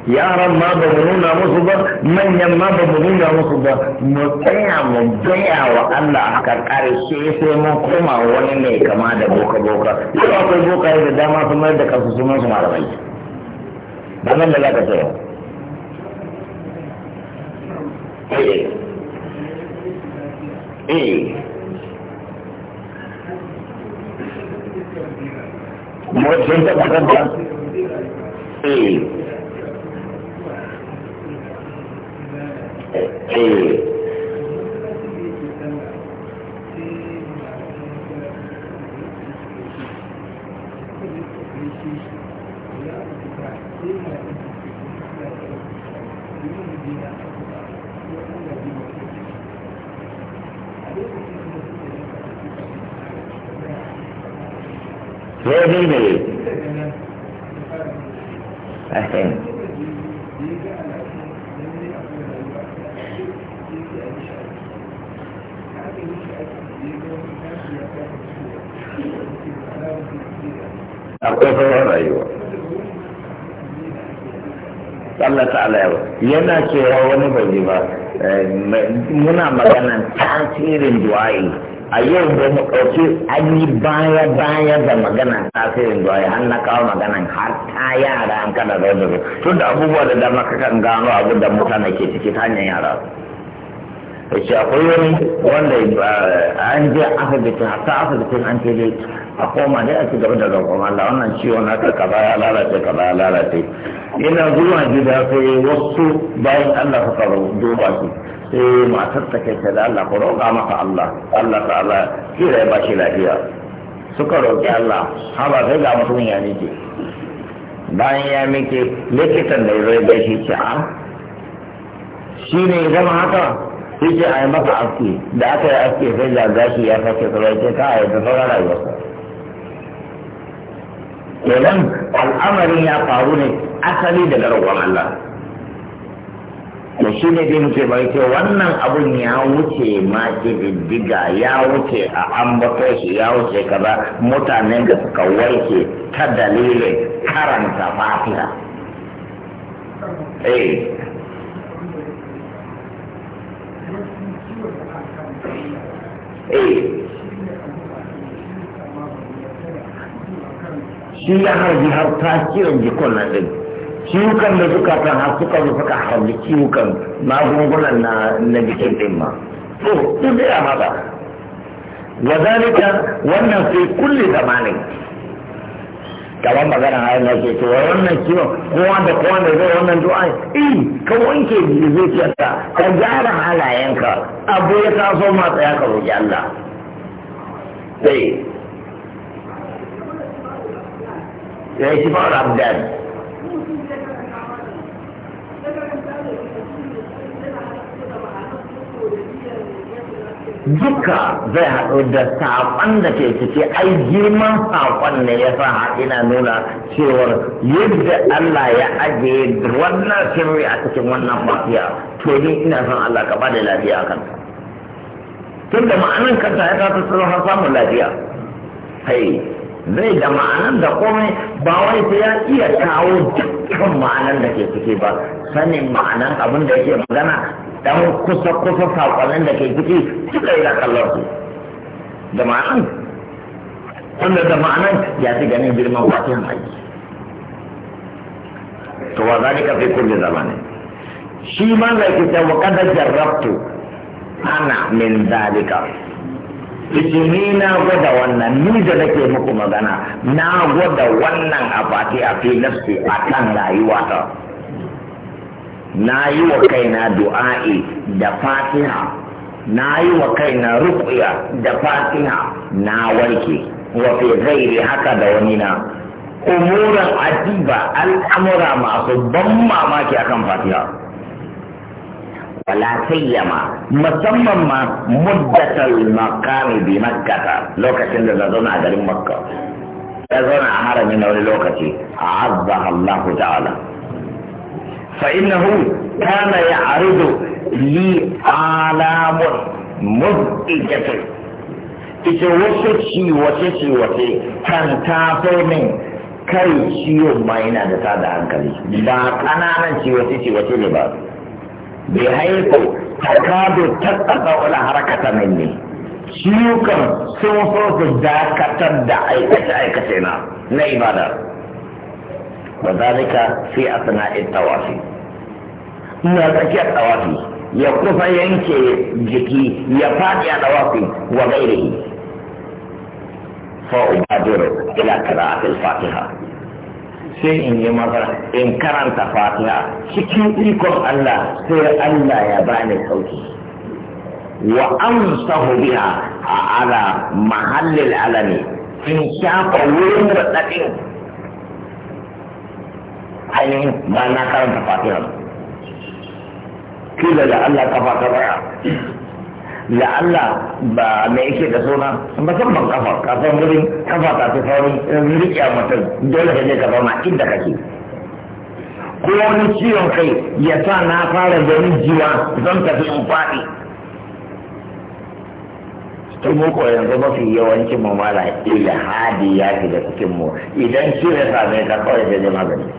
yaran ma ba mu nuna musu ba manyan ma ba mu nuna musu ba mu tsaya mu gaya wa Allah haka ƙarshe sai mun koma wani mai kama da boka boka yau akwai boka da dama su mayar da kasu sunan su malamai ba nan da za ka tsaya eh eh mutum Thank you. wai ni ne akwai sauran rayuwa Allah ta'ala yawa yana cewa wani bai ba eh, muna maganan tasirin du'a'i a yau da mu ɗauki an yi baya baya da magana tasirin doya an na kawo magana har ta yara an kada da wajen tun da abubuwa da dama kakan gano abun da mutane ke ciki ta hanyar yara da ce akwai wani wanda eh, an je asibiti hatta asibitin an ce dai a koma dai a ci gaba da kuma Allah wannan ciwo na ka kaba ya lalace kaba ya lalace ina zuwa gida sai wasu bayan Allah suka duba su sai eh, matar ta kai da Allah ku roƙa masa Allah Allah ta Allah kira ya bashi lafiya suka roƙi Allah har ba sai ga mutum ya mike bayan ya mike likitan da zai gaishe ce a ah, shi ne ya zama haka shi ce a yi masa aski da aka yi aski sai ga gashi ya sake sauran ce ka a yi da sauran rayuwarsa kenan al'amarin ya faru ne asali da garwan Allah to shi ne dai muke bari ce wannan abun ya wuce ma diddiga ya wuce a ambato shi ya wuce kaza mutanen da suka warke ta dalilin karanta fatiha eh eh shi ya harbi har ta kiran jikon na din ciwukan da suka kan har suka zo suka halli ciwukan magungunan na na jikin din ma to duk da mata wa zalika wannan fi kulli zamanin kamar magana a n'a ke to wannan ciwo ko wanda ko wanda zai wannan du'a eh ka wanke zuciyarka ka gyara halayenka abu ya taso ma tsaya ka roki Allah sai eh. ya shi ba abdan duka zai haɗu da saƙon da ke cike ai girman saƙon ne ya sa ina nuna cewar yadda Allah ya ajiye wannan sirri a cikin wannan mafiya to ni ina son Allah ka bada lafiya kan tun da ma'anin kanta ya ta tsaron har samun lafiya hai zai da ma'anan da komai ba wai sai ya iya kawo dukkan ma'anan da ke ciki ba sanin ma'anan abin da yake magana dan kusa kusa sakonnin da ke ciki duka yana kallon su da ma'anan wanda da ma'anan ya fi ganin girman wakin aiki to wa zalika kulle kulli zamanin shi ma zai kita wa kada jarrabtu ana min zalika yace ni na gwada wannan ni da nake muku magana na gwada wannan abati a fi nafsi a kan rayuwa ta na yi wa kaina du'a'i da fatiha na yi wa kaina ruku'ya da fatiha na warke wa fi ghairi haka da wani na umuran adiba al'amura masu ban mamaki akan fatiha wala sayyama musamman ma muddatal maqami bi makkah lokacin da zauna a garin makka ya zauna a haramin na wani lokaci a azza Allah ta'ala fa innahu kana ya'ridu li alamun mudijatu ita wasu ci wace ci wace kan tafe min kai ciwo ma yana da da hankali ba ƙananan ci wace ci wace ne ba bai haifo ta kado tattaba wani harkata nan ne shi kan sun su dakatar da aikace-aikace na na ibada ba za fi sai a suna tawafi Na tsakiyar tawafi ya kusa yanke jiki ya faɗi a tawafi wa gairi fa'ubadiru ila kira fatiha sai in yi maza in karanta fatiha cikin ikon Allah sai Allah ya bani sauki wa amsahu biha a ala mahallil alami in shafa wurin raɗaɗin ainihin ba na karanta fatiha kila da Allah kafa ta baya Allah ba me yake da suna ban kafa kafin wurin kafa kafin saurin ya mutum dole ka je ka ma, inda kake ko wani ciwon kai ya sa na fara ganin jiwa zan tafi in faɗi sai mu ko yanzu mafi yawancin mu ila hadi ya fi da cikin mu idan shi ya same ka kawai da magani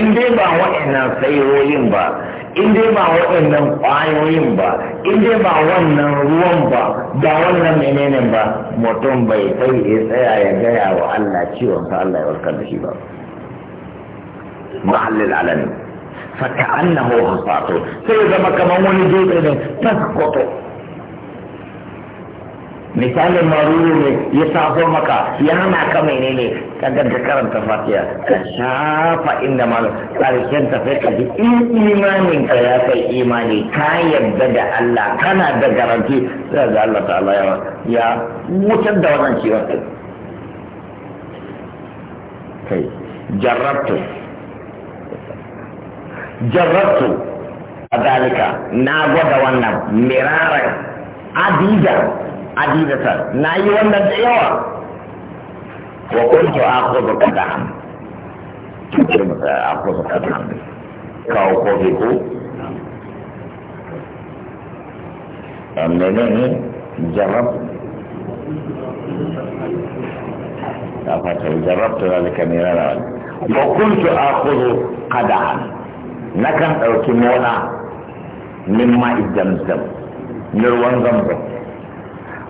in dai ba wa'annan sayoyin ba in dai ba waɗannan ƙwayoyin ba in dai ba wannan ruwan ba ba wannan menene ba mutum bai kai ya tsaya ya gaya wa Allah ciwon sa Allah ya warkar da shi ba mahallin alami faka annahu hasatu sai zama kamar wani dutse ne tasqutu misalin maruru ne ya safo maka ya hana ka menene ka ganta karanta fatiya ka shafa inda malam karshen ta sai ka ji in imanin ka ya kai imani ka yarda da Allah kana da garanti sai ga Allah ta'ala ya wutar da wannan ciwon kai kai jarrabtu jarrabtu a dalika na gwada wannan miraran adida adidatan na yi wannan da yawa wa kuntu akhudhu qadam kirma akhudhu qadam kawo kofi ko amma ne ne jarab ta fata jarab ta zalika ne rana wa kuntu akhudhu qadam nakan dauki mona min ma'id zamzam na ruwan zamzam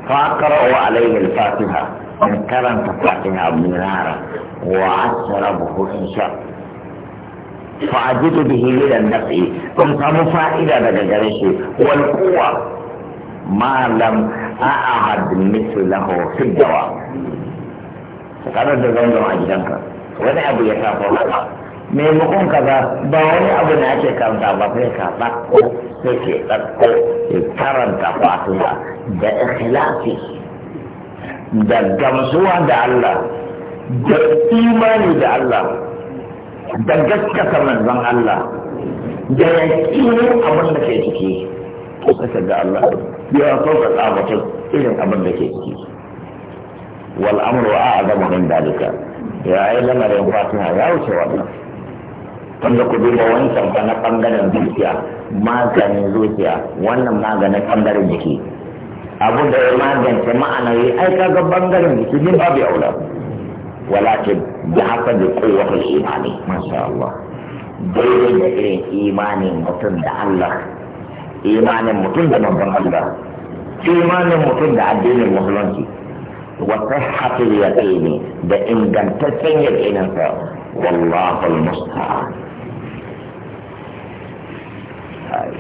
فأقرأ عليه الفاتحة إن كرم الفاتحة بنارا وعسر به شاء فأجد به من النفع فمفائلة مفائدة جريشي والقوة ما لم أعهد مثله في الدواء فقال الدوام عجلنك ولا أبي الله maimakon kaza ba wani abu ne ake karanta ba sai ka ɗakko sai ke ɗakko ya karanta fatiha da ikhlasi da gamsuwa da Allah da imani da Allah da gaskata manzon Allah da yakinin abin da ke ciki ko kasa ga Allah ya sauka tsabatin irin abin da ke ciki wal amru a'zamu min dalika ya ayyuhal lamarin amanu ya wuce wannan wanda ku duba wancan ba na bangaren zuciya maganin zuciya wannan maganin bangaren jiki abin da ya magance ma'anawi ai kaga bangaren jiki din babu aula walakin da haka da kowace imani masha Allah daidai da irin imanin mutum da Allah imanin mutum da manzon Allah imanin mutum da addinin musulunci wata hatil yaqini da ingantaccen yaqininsa wallahu al-musta'an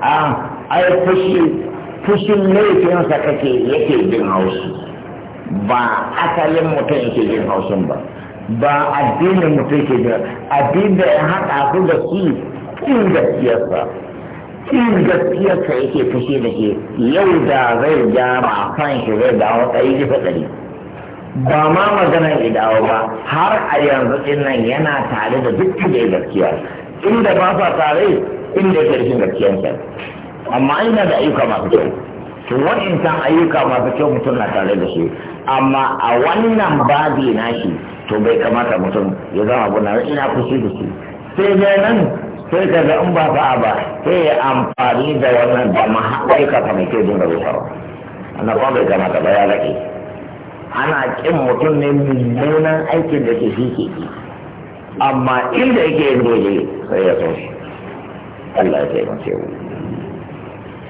a ai fushi fushin laifinsa kake yake jin haushi ba asalin mutum yake jin haushin ba ba addinin mutum ke jin addinin da ya haɗa su da shi kin gaskiyarsa kin gaskiyarsa yake fushi da ke yau da zai gyara kan shi zai dawo ɗari bisa ɗari ba ma maganar dawo ba har a yanzu din nan yana tare da duk da gaskiya inda ba sa tare inda fi rashin gaskiyarsa amma ina da ayyuka masu kyau to wa'insan ayyuka masu kyau mutum na tare da su amma a wannan babi nashi to bai kamata mutum ya zama guna ina kushi da su sai dai nan sai ka ga in ba fa'a ba sai ya amfani da wannan da mahaɗaika mai kyau dinga rusawa annabawan bai kamata ba ya lafi. ana kin mutum ne mummunan aikin da ke shi ke amma inda yake yin dole sai ya so shi Allah ya taimake mu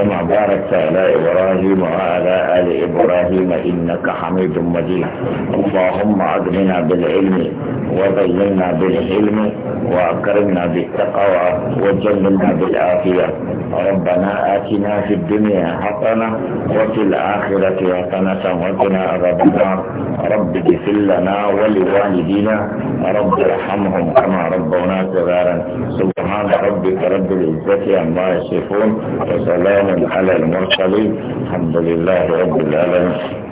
كما باركت على إبراهيم وعلى آل إبراهيم إنك حميد مجيد اللهم أغننا بالعلم وبينا بالعلم وأكرمنا بالتقوى وجنبنا بالعافية ربنا آتنا في الدنيا حقنا وفي الآخرة حقنا سمعتنا ربنا رب اغفر لنا ولوالدينا رب ارحمهم كما ربونا صغارا سبحان ربك رب العزة عما يصفون وسلام محمد على المرسلين الحمد لله رب العالمين